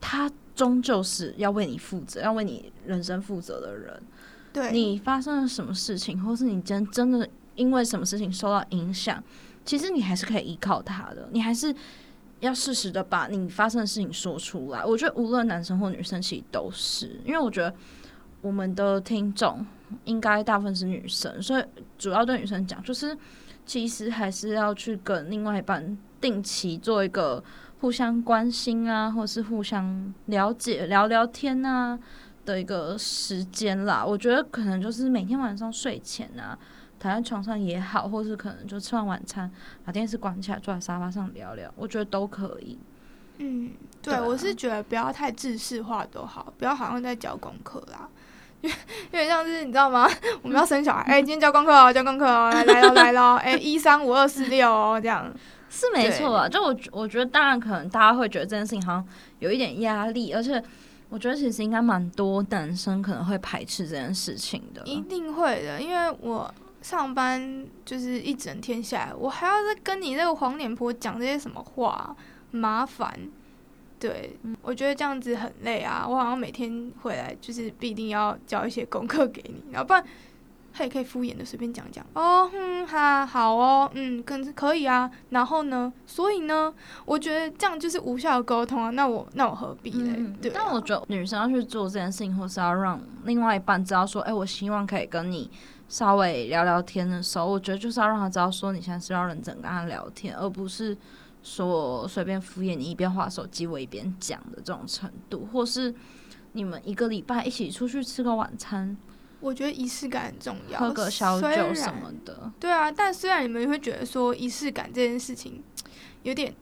Speaker 1: 他終究是要為你負責，要為你人生負責的人。對。你發生了什麼事情，或是你真真的因為什麼事情受到影響，其實你還是可以依靠他的。你還是要適時的把你發生的事情說出來。我覺得無論男生或女生，其實都是因為我覺得我們的聽眾應該大部分是女生，所以主要對女生講，就是其實還是要去跟另外一半定期做一個。互相關心啊，或是互相了解、聊聊天啊的一個時間啦。我覺得可能就是每天晚上睡前啊，躺在床上也好，或是可能就吃完晚餐，把電視關起來，坐在沙發上聊聊，我覺得都可以。嗯，
Speaker 2: 對，我是覺得不要太制式化都好，不要好像在教
Speaker 1: 功課啦，
Speaker 2: 因為因為像是你知道嗎？我們要生小孩，哎、嗯欸，今天教功課哦，教功課哦，來嘍來
Speaker 1: 嘍，哎，一三五二四六哦，這樣。是沒錯啊，就我我覺得，當然可能大家會覺得這件事情好像有一點壓力，而且我覺得其實應該蠻多男生可能會排斥這件事情的，一
Speaker 2: 定會的，因為我上班就是一整天下來，我還要再跟你那個黃臉婆講這些什麼話，麻煩，對，我覺得這樣子很累啊，我好像每天回來就是必定要交一些功課給你，要不然。他也可以敷衍的隨便講講哦，哼、嗯、哈好哦，嗯，跟可以啊，然後呢，所以呢，我覺得這樣就是無效溝通啊，那我那我何必嘞、嗯？
Speaker 1: 對、啊。但我覺得女生要去做這件事情，或是要讓另外一半知道說，哎、欸，我希望可以跟你稍微聊聊天的時候，我覺得就是要讓他知道說，你現在是要認真跟他聊天，而不是說隨便敷衍你一邊划手機我一邊講的這種程度，或是你們一個禮拜一起出去吃個晚餐。我覺得儀式感很重要，喝個小酒什麼的，對啊。但
Speaker 2: 雖然你們會覺得說儀式感這件事情有點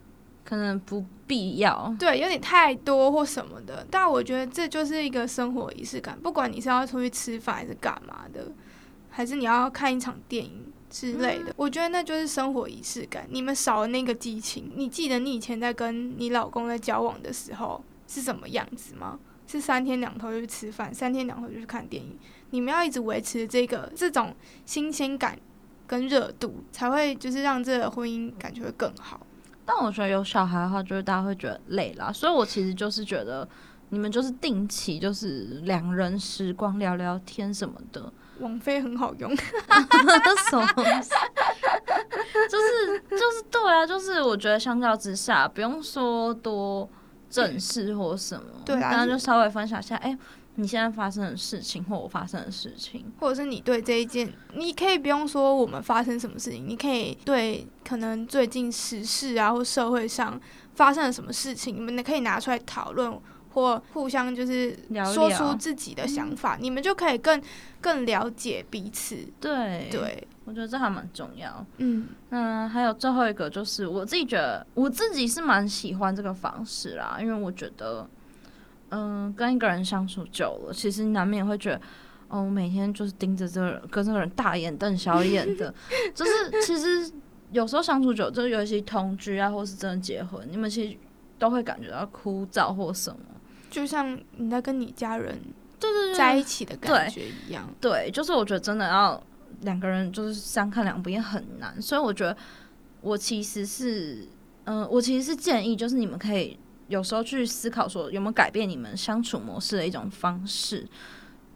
Speaker 2: 可能不必要，對，有點太多或什麼的。但我覺得這就是一個生活儀式感，不管你是要出去吃飯還是幹嘛的，還是你要看一場電影之類的，嗯、我覺得那就是生活儀式感。你們少了那個激情，你記得你以前在跟你老公在交往的時候是什麼樣子嗎？是三天兩頭就去吃飯，三天兩頭就去看電影。你們要一直維持這個這種新鮮感跟熱度，才會就是讓這個婚姻感覺會更好。
Speaker 1: 但我覺得有小孩的話，就是大家會覺得累啦，所以我其實就是覺得你們就是定期就是兩人時光聊聊天什麼的。網飛很好用，哈哈哈哈哈，就是就是對啊，就是我覺得相較之下，不用說多正式或什麼，嗯，對啊，大家就稍微分享一下，哎。欸你現在發生的事情，或我發生的事情，
Speaker 2: 或者是你對這一件，你可以不用說我們發生什麼事情，你可以對可能最近時事啊，或社會上發生了什麼事情，你們可以拿出來討論，或互相就是說出自己的想法，嗯、你們就可以更更了解彼此。
Speaker 1: 對對，我覺得這還蠻重要。嗯，那還有最後一個就是，我自己覺得我自己是蠻喜歡這個方式啦，因為我覺得。嗯、呃，跟一個人相處久了，其實難免會覺得，哦，每天就是盯着這個人跟這個人大眼瞪小眼的， 就是其實有時候相處久了，就尤其同居啊，或是真的結婚，你們其實都會感覺到枯燥或什麼。就像你在跟你家人對對在一起的感覺一樣對對對對對。對，就是我覺得真的要兩個人就是相看兩不厭很難，所以我覺得我其實是，嗯、呃，我其實是建議，就是你們可以。有時候去思考說有沒有改變你們相處模式的一種方式，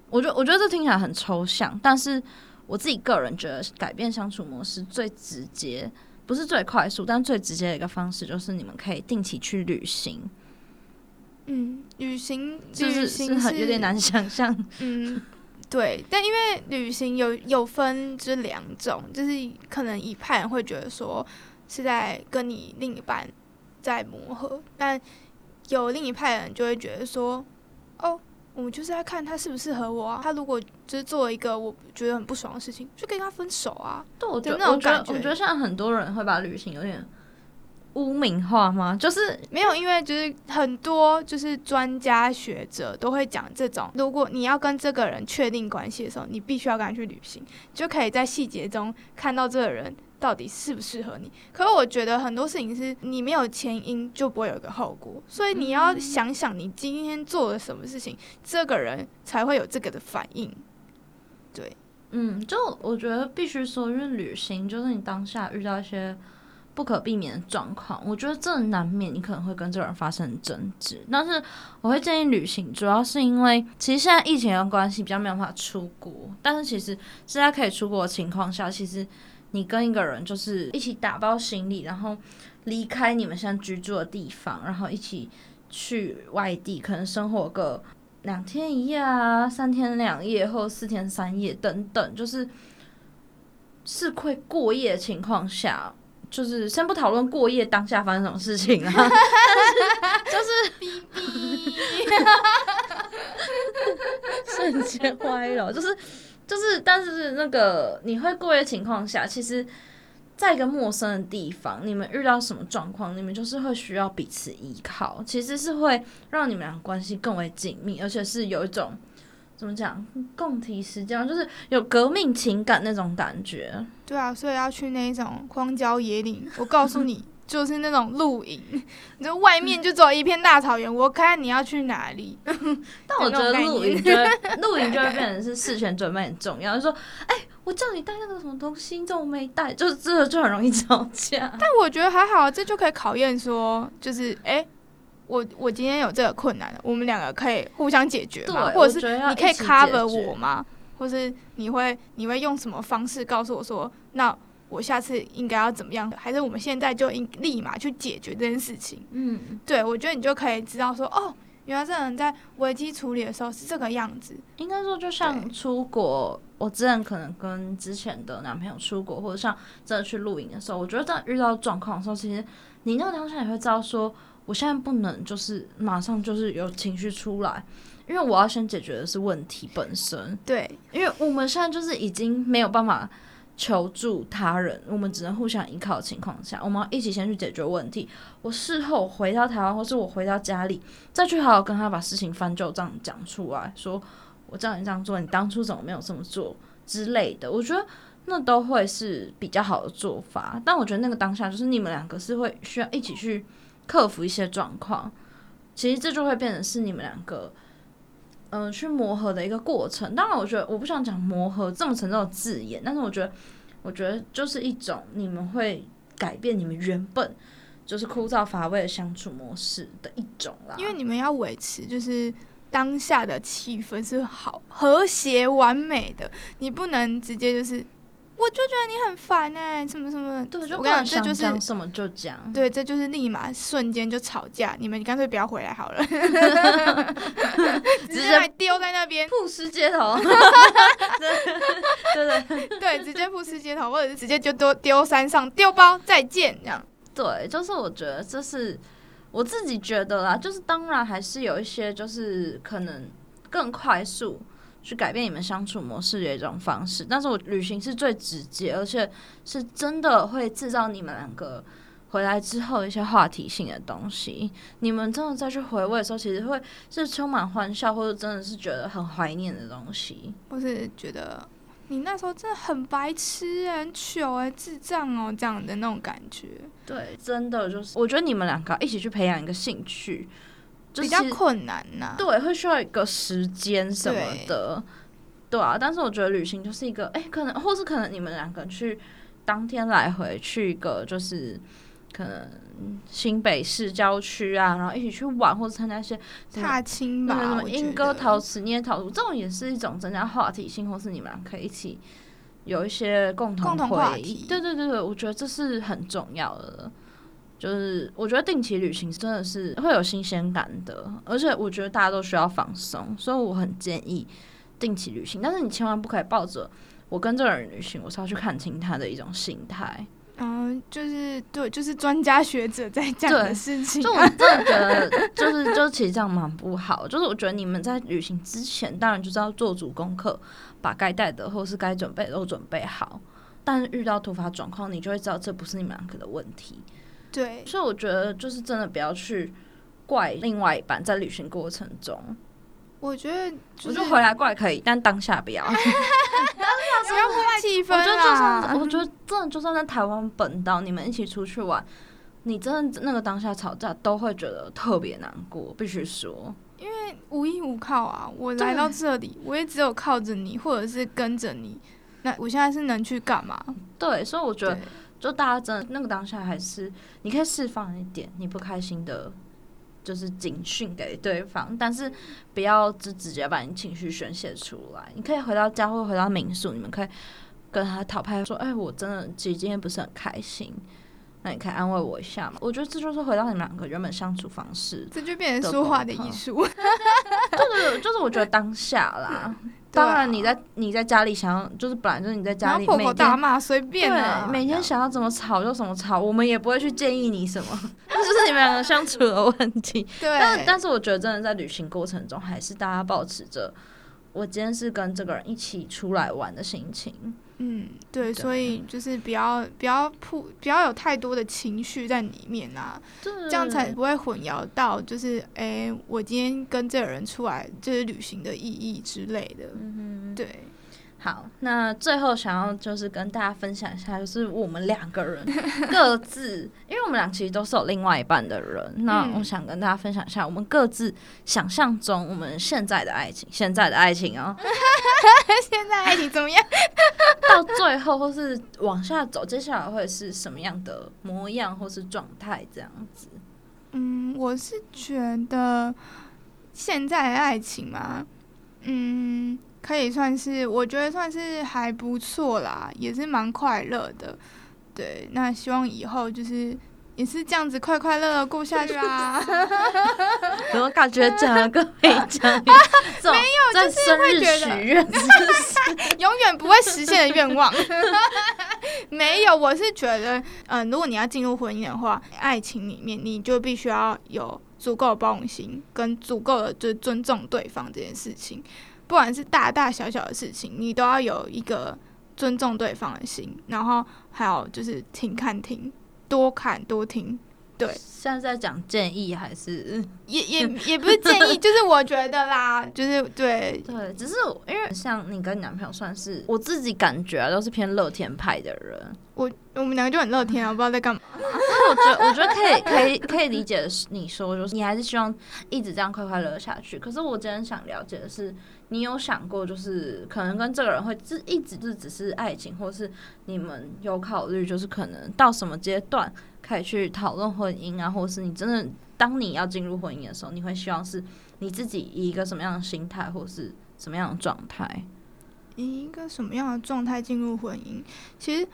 Speaker 1: 我覺得我覺得這聽起來很抽象，但是我自己個人覺得改變相處模式最直接，不是最快速，但最直接的一個方式就是你們可以定期去旅行。嗯，旅
Speaker 2: 行是是旅行是，是很有點難想
Speaker 1: 象。嗯，
Speaker 2: 對，但因為旅行有有分這兩種，就是可能一派人會覺得說是在跟你另一半在磨合，但有另一派人就會覺得說，哦，我就是要看他適不適合我啊。他如果就是做一個我覺得很不爽的事情，就跟他分手啊。對，就那種感覺。我覺
Speaker 1: 得現在很多人會把旅行有點污名化嗎？就是沒
Speaker 2: 有，因為就是很多就是專家學者都會講這種，如果你要跟這個人確定關係的時候，你必須要跟他去旅行，就可以在細節中看到這個人。到底適不適合你？可是我覺得很多事情是你沒有前因就不會有一個後果，
Speaker 1: 所以你要想
Speaker 2: 想你今天做了什麼事情，嗯、這個人才會有這個的反應。
Speaker 1: 對，嗯，就我覺得必須說，就是旅行，就是你當下遇到一些不可避免的狀況，我覺得這難免你可能會跟這個人發生爭執。但是我會建議旅行，主要是因為其實現在疫情的關係比較沒有辦法出國，但是其實現在可以出國的情況下，其實。你跟一個人就是一起打包行李，然後離開你們現在居住的地方，然後一起去外地，可能生活個兩天一夜啊，三天兩夜或四天三夜等等，就是是會過夜的情況下，就是先不討論過夜當下發生什麼事情啊， 但是就是嗶嗶，哈哈哈哈哈，瞬間歪了，就是。就是，但是那個你會過的情況下，其實在一個陌生的地方，你們遇到什麼狀況，你們就是會需要彼此依靠，其實是會讓你們倆關係更為緊密，而且是有一種怎麼講共體時艱，就是有革命情感那種感覺。
Speaker 2: 對啊，所以要去那種荒郊野嶺，我告訴你。 就是那種露營，你說外面就只有一片大草原，嗯，我
Speaker 1: 看你要去哪裡。 但我覺、我覺得露營， 露營就變成是事前準備很重要。 就是說，哎、欸，我叫你帶那個什麼東西，你都沒帶，就是這就很容易吵架。但我覺得還好，這就可以考驗說，就是哎、欸，
Speaker 2: 我我今天有這個困難，我們兩個可以互相解決，對，或者是你可以 cover 我嗎？我或是你會你會用什麼方式告訴我說，那？我下次應該要怎麼樣？還是我們現在就應立馬去解決這件事情？嗯，對，我覺得你就可以知道說，哦，原來這人在危機處理的時候是這個樣子。
Speaker 1: 應該說，就像出國，我之前可能跟之前的男朋友出國，或者像真的去露營的時候，我覺得在遇到狀況的時候，其實你那個當下也會知道說，我現在不能就是馬上就是有情緒出來，因為我要先解決的是問題本身。對，因為我們現在就是已經沒有辦法。求助他人，我們只能互相依靠的情況下，我們要一起先去解決問題。我事後回到台灣，或是我回到家裡，再去好好跟他把事情翻舊賬講出來，說我叫你這樣做，你當初怎麼沒有這麼做之類的，我覺得那都會是比較好的做法。但我覺得那個當下，就是你們兩個是會需要一起去克服一些狀況，其實這就會變成是你們兩個。嗯、呃，去磨合的一個過程。當然，我覺得我不想講“磨合”這麼沉重的字眼，但是我覺得，我覺得就是一種你們會改變你們原本就是枯燥乏味的相處模式的一種啦。因為
Speaker 2: 你們要維持就是當下的氣氛是好、和諧、完美的，你不能直接就是。我就覺得你很煩哎，欸，什麼什麼的對。對，我跟你講這就是什
Speaker 1: 麼就講，
Speaker 2: 對，這就是立馬瞬間就吵架，你們乾脆不要回來好了， 直接丟在那邊，曝屍街頭 對，對對對，對直接曝屍街頭，或者是直接就丢丟
Speaker 1: 山上丟包再見這樣，對，就是我覺得這是我自己覺得啦，就是當然還是有一些就是可能更快速。去改變你們相處模式的一種方式，但是我旅行是最直接，而且是真的會制造你們兩個回來之後一些話題性的東西。你們真的再去回味的時候，其實會是充滿歡笑，或者真的是覺得很懷念的東西，或是覺得
Speaker 2: 你那時候真的很白痴、欸、很糗、欸、哎，智障哦、喔、這樣的那種感覺。
Speaker 1: 對，真的就是，我覺得你們兩個一起去培養一個興趣。比較困難吶、啊，對，會需要一個時間什麼的對，對啊。但是我覺得旅行就是一個，哎、欸，可能或是可能你們兩個去當天來回去一個，就是可能新北市郊區啊，然後一起去玩，或是參加一些踏青吧，什麼什麼鶯歌陶瓷捏陶，瓷捏陶瓷這種也是一種增加話題性，或是你們兩個可以一起有一些共同，共同話題。對對對對，我覺得這是很重要的。就是我覺得定期旅行真的是會有新鮮感的，而且我覺得大家都需要放鬆，所以我很建議定期旅行。但是你千萬不可以抱着我跟這個人旅行，我是要去看清他的一種心態。嗯、呃，就是對，就是專家學者在講的事
Speaker 2: 情。這
Speaker 1: 種真的就是就其實這樣蠻不好。 就是我覺得你們在旅行之前，當然就是要做足功課，把該帶的或是該準備的都準備好。但遇到突發狀況，你就會知道這不是你們兩個的問題。對，所以我覺得就是真的不要去怪另外一半，在旅行過程中。我覺得，我就回來怪可以，但當下不要。 當下不要破壞氣氛啊！我覺得，就算我覺得，真的就算在台灣本島，你們一起出去玩，你真的那個當下吵架，都會覺得特別難過，必須說。
Speaker 2: 因為無
Speaker 1: 依無靠啊！我來到這裡，我也只有靠着你，或者是跟着你。那我現在是能去幹嘛？對，所以我覺得。就大家真的那個當下，還是你可以釋放一點你不開心的，就是警訊給對方，但是不要就直接把你情緒宣洩出來。你可以回到家或回到民宿，你們可以跟他討拍說：“哎，我真的，其實今天不是很開心。”那你可以安慰我一下嘛？我覺得這就是回到你們兩個原本相處方式，這就變成說話的藝術。就是就是，我覺得當下啦。當然，你在你在家裡想要，就是本來就是你在家裡破口大罵隨便，對，每天想要怎麼吵就怎麼吵，我們也不會去建議你什麼，就是你們兩個相處的問題。但但是，我覺得真的在旅行過程中，還是大家保持着我今天是跟這個人一起出來玩的心情。嗯對，對，所以就是不要不要
Speaker 2: 鋪，不要有太多的情緒在裡面啊，這樣才不
Speaker 1: 會混淆
Speaker 2: 到，就是誒，我今天跟這個人出來就是旅行的意義之類的，嗯
Speaker 1: 哼，對。好，那最後想要就是跟大家分享一下，就是我們兩個人各自， 因為我們倆其實都是有另外一半的人， 那我想跟大家分享一下，我們各自想象中我們現在的愛情，現在的愛情啊、哦， 現在愛情怎麼樣？ 到最後或是往下走，接下來會是什麼樣的模樣或是狀態？這樣子。
Speaker 2: 嗯，我是覺得現在的愛情嘛，嗯。可以算是，我覺得算是還不錯啦，也是蠻快樂的。對，那希望以後就是也是這樣子快快樂樂過下去啦，啊。我
Speaker 1: 感覺整個背整 做笑沒有，就是會覺得
Speaker 2: 永遠不會實現的願望。 沒有，我是覺得，嗯、呃，如果你要進入婚姻的話，愛情裡面你就必須要有足夠的包容心，跟足夠的就是尊重對方這件事情。不管是大大小小的事情，你都要有一個尊重對方的心，然後還有就是聽看聽，多看多聽。對，現在在講建議還是
Speaker 1: 也也也
Speaker 2: 不是建議， 就是我覺得啦，就
Speaker 1: 是對對，只是因為像你跟你男朋友算是我自己感覺都是偏樂天派的人，我我們兩個就很樂天啊， 我不知道在幹嘛。那 我覺得我覺得可以可以可以理解你說，就是你還是希望一直這樣快快樂樂下去。可是我今天想了解的是，你有想過就是可能跟這個人會就一直就只是愛情，或是你們有考慮就是可能到什麼階段？可以去討論婚姻啊，或是你真的當你要進入婚姻的時候，你會希望是你自己以一個什麼樣的心態，或是什麼樣的狀態？
Speaker 2: 以一個什麼樣的狀態進入婚姻？其實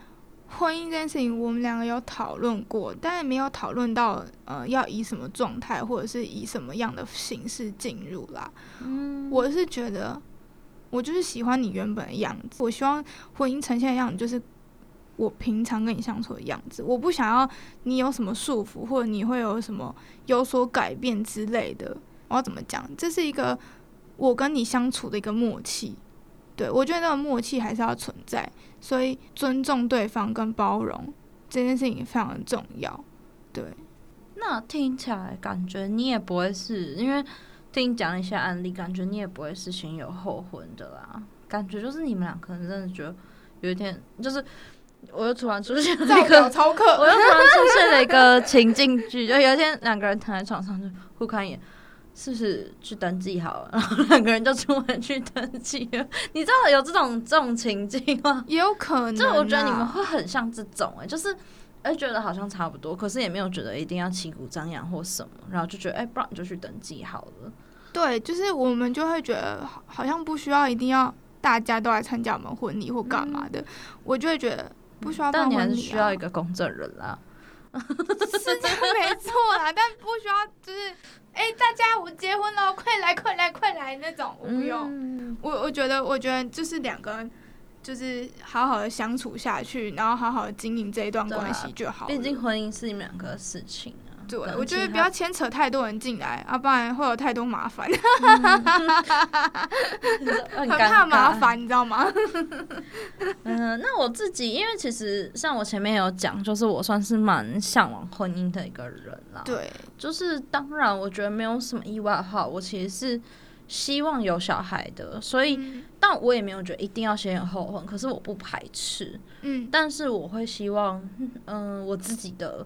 Speaker 2: 婚姻這件事情，我們兩個有討論過，但沒有討論到呃，要以什麼狀態，或者是以什麼樣的形式進入啦。嗯，我是覺得，我就是喜歡你原本的樣子。我希望婚姻呈現的樣子就是。我平常跟你相處的樣子，我不想要你有什麼束縛，或者你會有什麼有所改變之類的。我要怎麼講？這是一個我跟你相處的一個默契。對，我覺得那個默契還是要存在，所以尊重對方跟包容這件事情非常重要。對，
Speaker 1: 那聽起來感覺你也不會是因為聽講一些案例，感覺你也不會是先有後婚的啦。感覺就是你們倆可能真的覺得有一天就是。我又突然出現了一個，我又突然出現了一個情境劇， 就有一天兩個人躺在床上就互看一眼，是不是去登記好了？然後兩個人就出門去登記了。你知道有這種這種情境嗎？也有可能、啊，就我覺得你們會很像這種，哎，就是哎覺得好像差不多，可是也沒有覺得一定要旗鼓張揚或什麼，然後就覺得哎、欸，不然就去登記好了。
Speaker 2: 對，就是我們就會覺得好像不需要一定要大家都來參加我們婚禮或幹嘛的，嗯，我就會覺得。不需要，但你還是需要一個公證人啦，是、啊， 是結婚沒錯啦，但不需要就是，哎、欸，大家我結婚了，快來快來快來那種，我不用。嗯、我我覺得，我覺得就是兩個人，就是好好的相處下去，然後好好的經營這一段關係就好。畢竟婚姻是你們兩個的事情。我覺得不要牽扯太多人進來
Speaker 1: 啊，不然會有太多麻煩，嗯。 很怕麻煩，你知道嗎？ 嗯，那我自己，因為其實像我前面有講，就是我算是蠻向往婚姻的一個人啦。對，就是當然，我覺得沒有什麼意外的話，我其實是希望有小孩的。所以，嗯、但我也沒有覺得一定要先有後婚，可是我不排斥。嗯，但是我會希望，嗯，我自己的。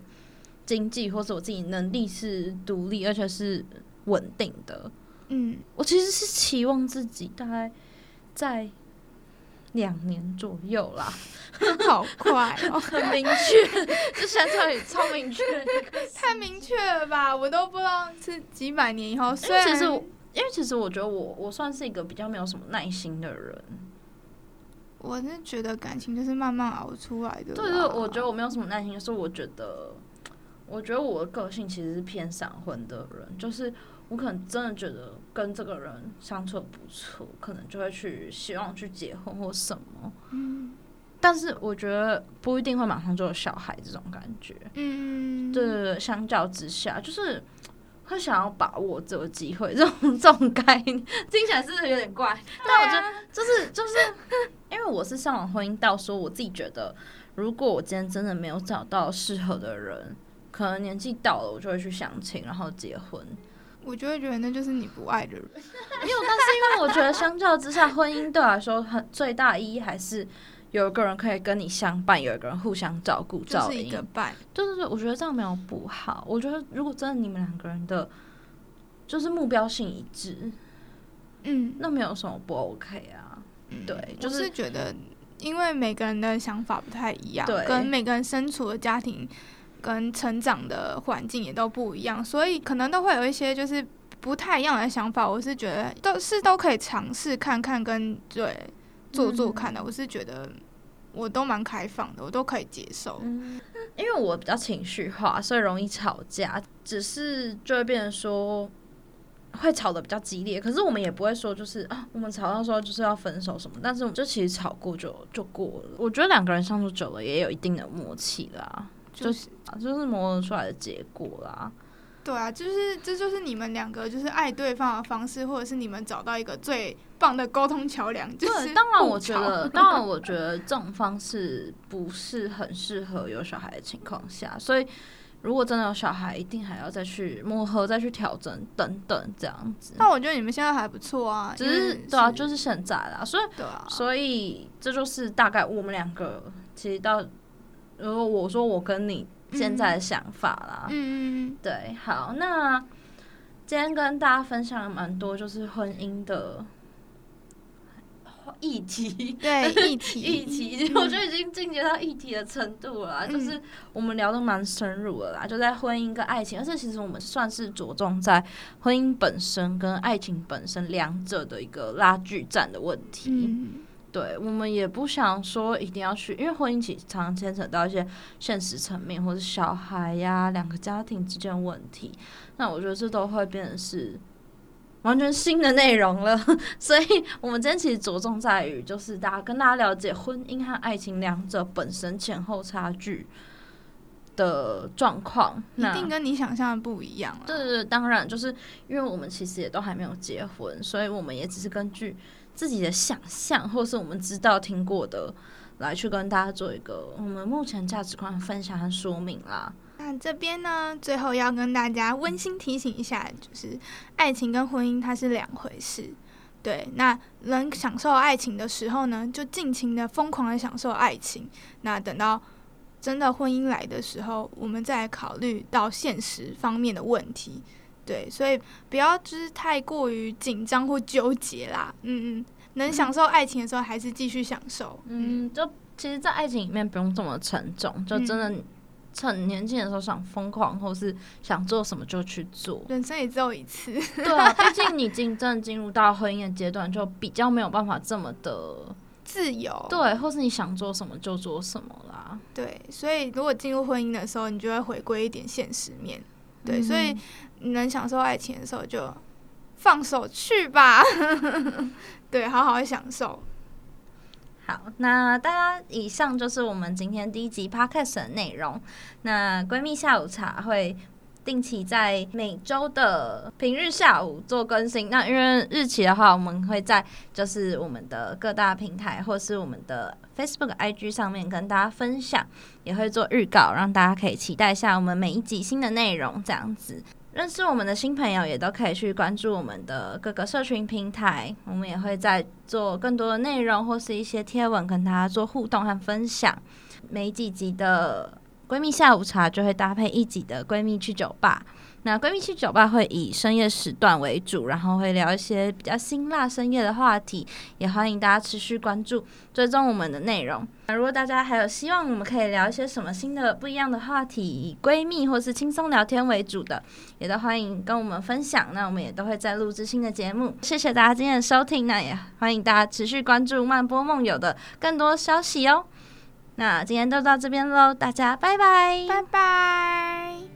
Speaker 1: 經濟或者我自己能力是獨立而且是穩定的，嗯，我其實是期望自己大概在兩年左右啦， 好快哦，很明確， 就相差也超明確， 太明確了吧？我都不知道是幾百年以後。所以其實，因為其實我覺得我我算是一個比較沒有什麼耐心的人，
Speaker 2: 我是覺得感情就是慢慢熬出來的。
Speaker 1: 對，對對，我覺得我沒有什麼耐心，所以我覺得。我覺得我的個性其實是偏閃婚的人，就是我可能真的覺得跟這個人相處不錯，可能就會去希望去結婚或什麼、嗯。但是我覺得不一定會馬上就有小孩這種感覺。嗯，對對對，相較之下，就是會想要把握這個機會，這種這種概念聽起來是不是有點怪？嗯。但我覺得就是就是、嗯，因為我是向往婚姻到，到時候我自己覺得，如果我今天真的沒有找到適合的人。可能年紀到了，我就會去相親，然後結婚。我就會覺得那就是你
Speaker 2: 不愛的人。
Speaker 1: 沒有，但是因為我覺得相較之下，婚姻對我來說，很最大意義還是有一個人可以跟你相伴，有一個人互相照顧，就是一個伴。就是，我覺得這樣沒有不好。我覺得如果真的你們兩個人的，就是目標性一致，嗯，那沒有什麼不 OK 啊。
Speaker 2: 對，就是,是覺得因為每個人的想法不太一樣，跟每個人身處的家庭。跟成長的環境也都不一樣，所以可能都會有一些就是不太一樣的想法。我是覺得都是都可以嘗試看看跟，跟對做做看的。我
Speaker 1: 是覺得我都蠻開放的，我都可以接受。嗯。因為我比較情緒化，所以容易吵架，只是就會變成說，會吵得比較激烈。可是我們也不會說就是啊，我們吵到時候就是要分手什麼。但是我們就其實吵過就就過了。我覺得兩個人相處久了也有一定的默契啦。就是、就是、就是磨合出來的結果啦，
Speaker 2: 對啊，就是這就是你們兩個就是愛對方的方式，或者是你們找到一個最棒的溝通橋樑，就是。對，當然我覺得， 當然
Speaker 1: 我覺得這種方式不是很適合有小孩的情況下，所以如果真的有小孩，一定還要再去磨合，再去調整等等這樣子。那我覺得你們現在還不錯啊，只是，是對啊，就是現在啦，所以對啊，所以這就是大概我們兩個其實到。如、呃、果我說我跟你現在的想法啦，嗯對，好，那今天跟大家分享蠻多，就是婚姻的議題，對， 議題，議、嗯、題，我覺得已經進階到議題的程度了啦、嗯，就是我們聊得蠻深入的啦，就在婚姻跟愛情，而且其實我們算是着重在婚姻本身跟愛情本身兩者的一個拉鋸戰的問題。嗯對，我們也不想說一定要去，因為婚姻其實常常牽扯到一些現實層面，或者小孩呀、啊，兩個家庭之間問題。那我覺得這都會變成是完全新的內容了。 所以我們今天其實着重在於，就是大家跟大家了解婚姻和愛情兩者本身前後差距的狀況，一定跟你想象的不一樣、啊。對，對對，當然就是因為我們其實也都還沒有結婚，所以我們也只是根據。自己的想象，或是我們知道聽過的，來去跟大家做一個我們目前價值觀分享和說明啦。
Speaker 2: 那這邊呢，最後要跟大家溫馨提醒一下，就是愛情跟婚姻它是兩回事。對，那能享受愛情的時候呢，就盡情的瘋狂的享受愛情。那等到真的婚姻來的時候，我們再考慮到現實方面的問題。對，所以不要就是太過於緊張或糾結啦。嗯嗯，能享受愛情的
Speaker 1: 時候，還是繼續享受。嗯，就其實，在愛情裡面不用這麼沉重，嗯、就真的趁年輕的時候想瘋狂，或是想做什麼就去做。人生也只有一
Speaker 2: 次。對啊，畢
Speaker 1: 竟你真正進入到婚姻的階段，就比較沒有辦法這麼的自由。對，或是你想做什麼就做什麼啦。對，所以
Speaker 2: 如果進入婚姻的時候，你就會回歸一點現實面。對，嗯、所以。你能享受愛情的
Speaker 1: 時候，就放手去吧。 對，好好享受。好，那大家以上就是我們今天第一集 Podcast 的內容。那閨蜜下午茶會定期在每周的平日下午做更新。那因為日期的話，我們會在就是我們的各大平台或是我們的 Facebook、IG 上面跟大家分享，也會做預告，讓大家可以期待一下我們每一集新的內容，這樣子。認識我們的新朋友也都可以去關注我們的各個社群平台，我們也會再做更多的內容或是一些貼文跟大家做互動和分享。每幾集的閨蜜下午茶就會搭配一集的閨蜜去酒吧。那閨蜜去酒吧會以深夜時段為主，然後會聊一些比較辛辣深夜的話題，也歡迎大家持續關注追蹤我們的內容。那如果大家還有希望我們可以聊一些什麼新的不一樣的話題，以閨蜜或是輕鬆聊天為主的，也都歡迎跟我們分享。那我們也都會再錄製新的節目。謝謝大家今天的收聽，那也歡迎大家持續關注漫波夢遊的更多消息哦。那今天就到這邊嘍，大家拜拜，拜拜。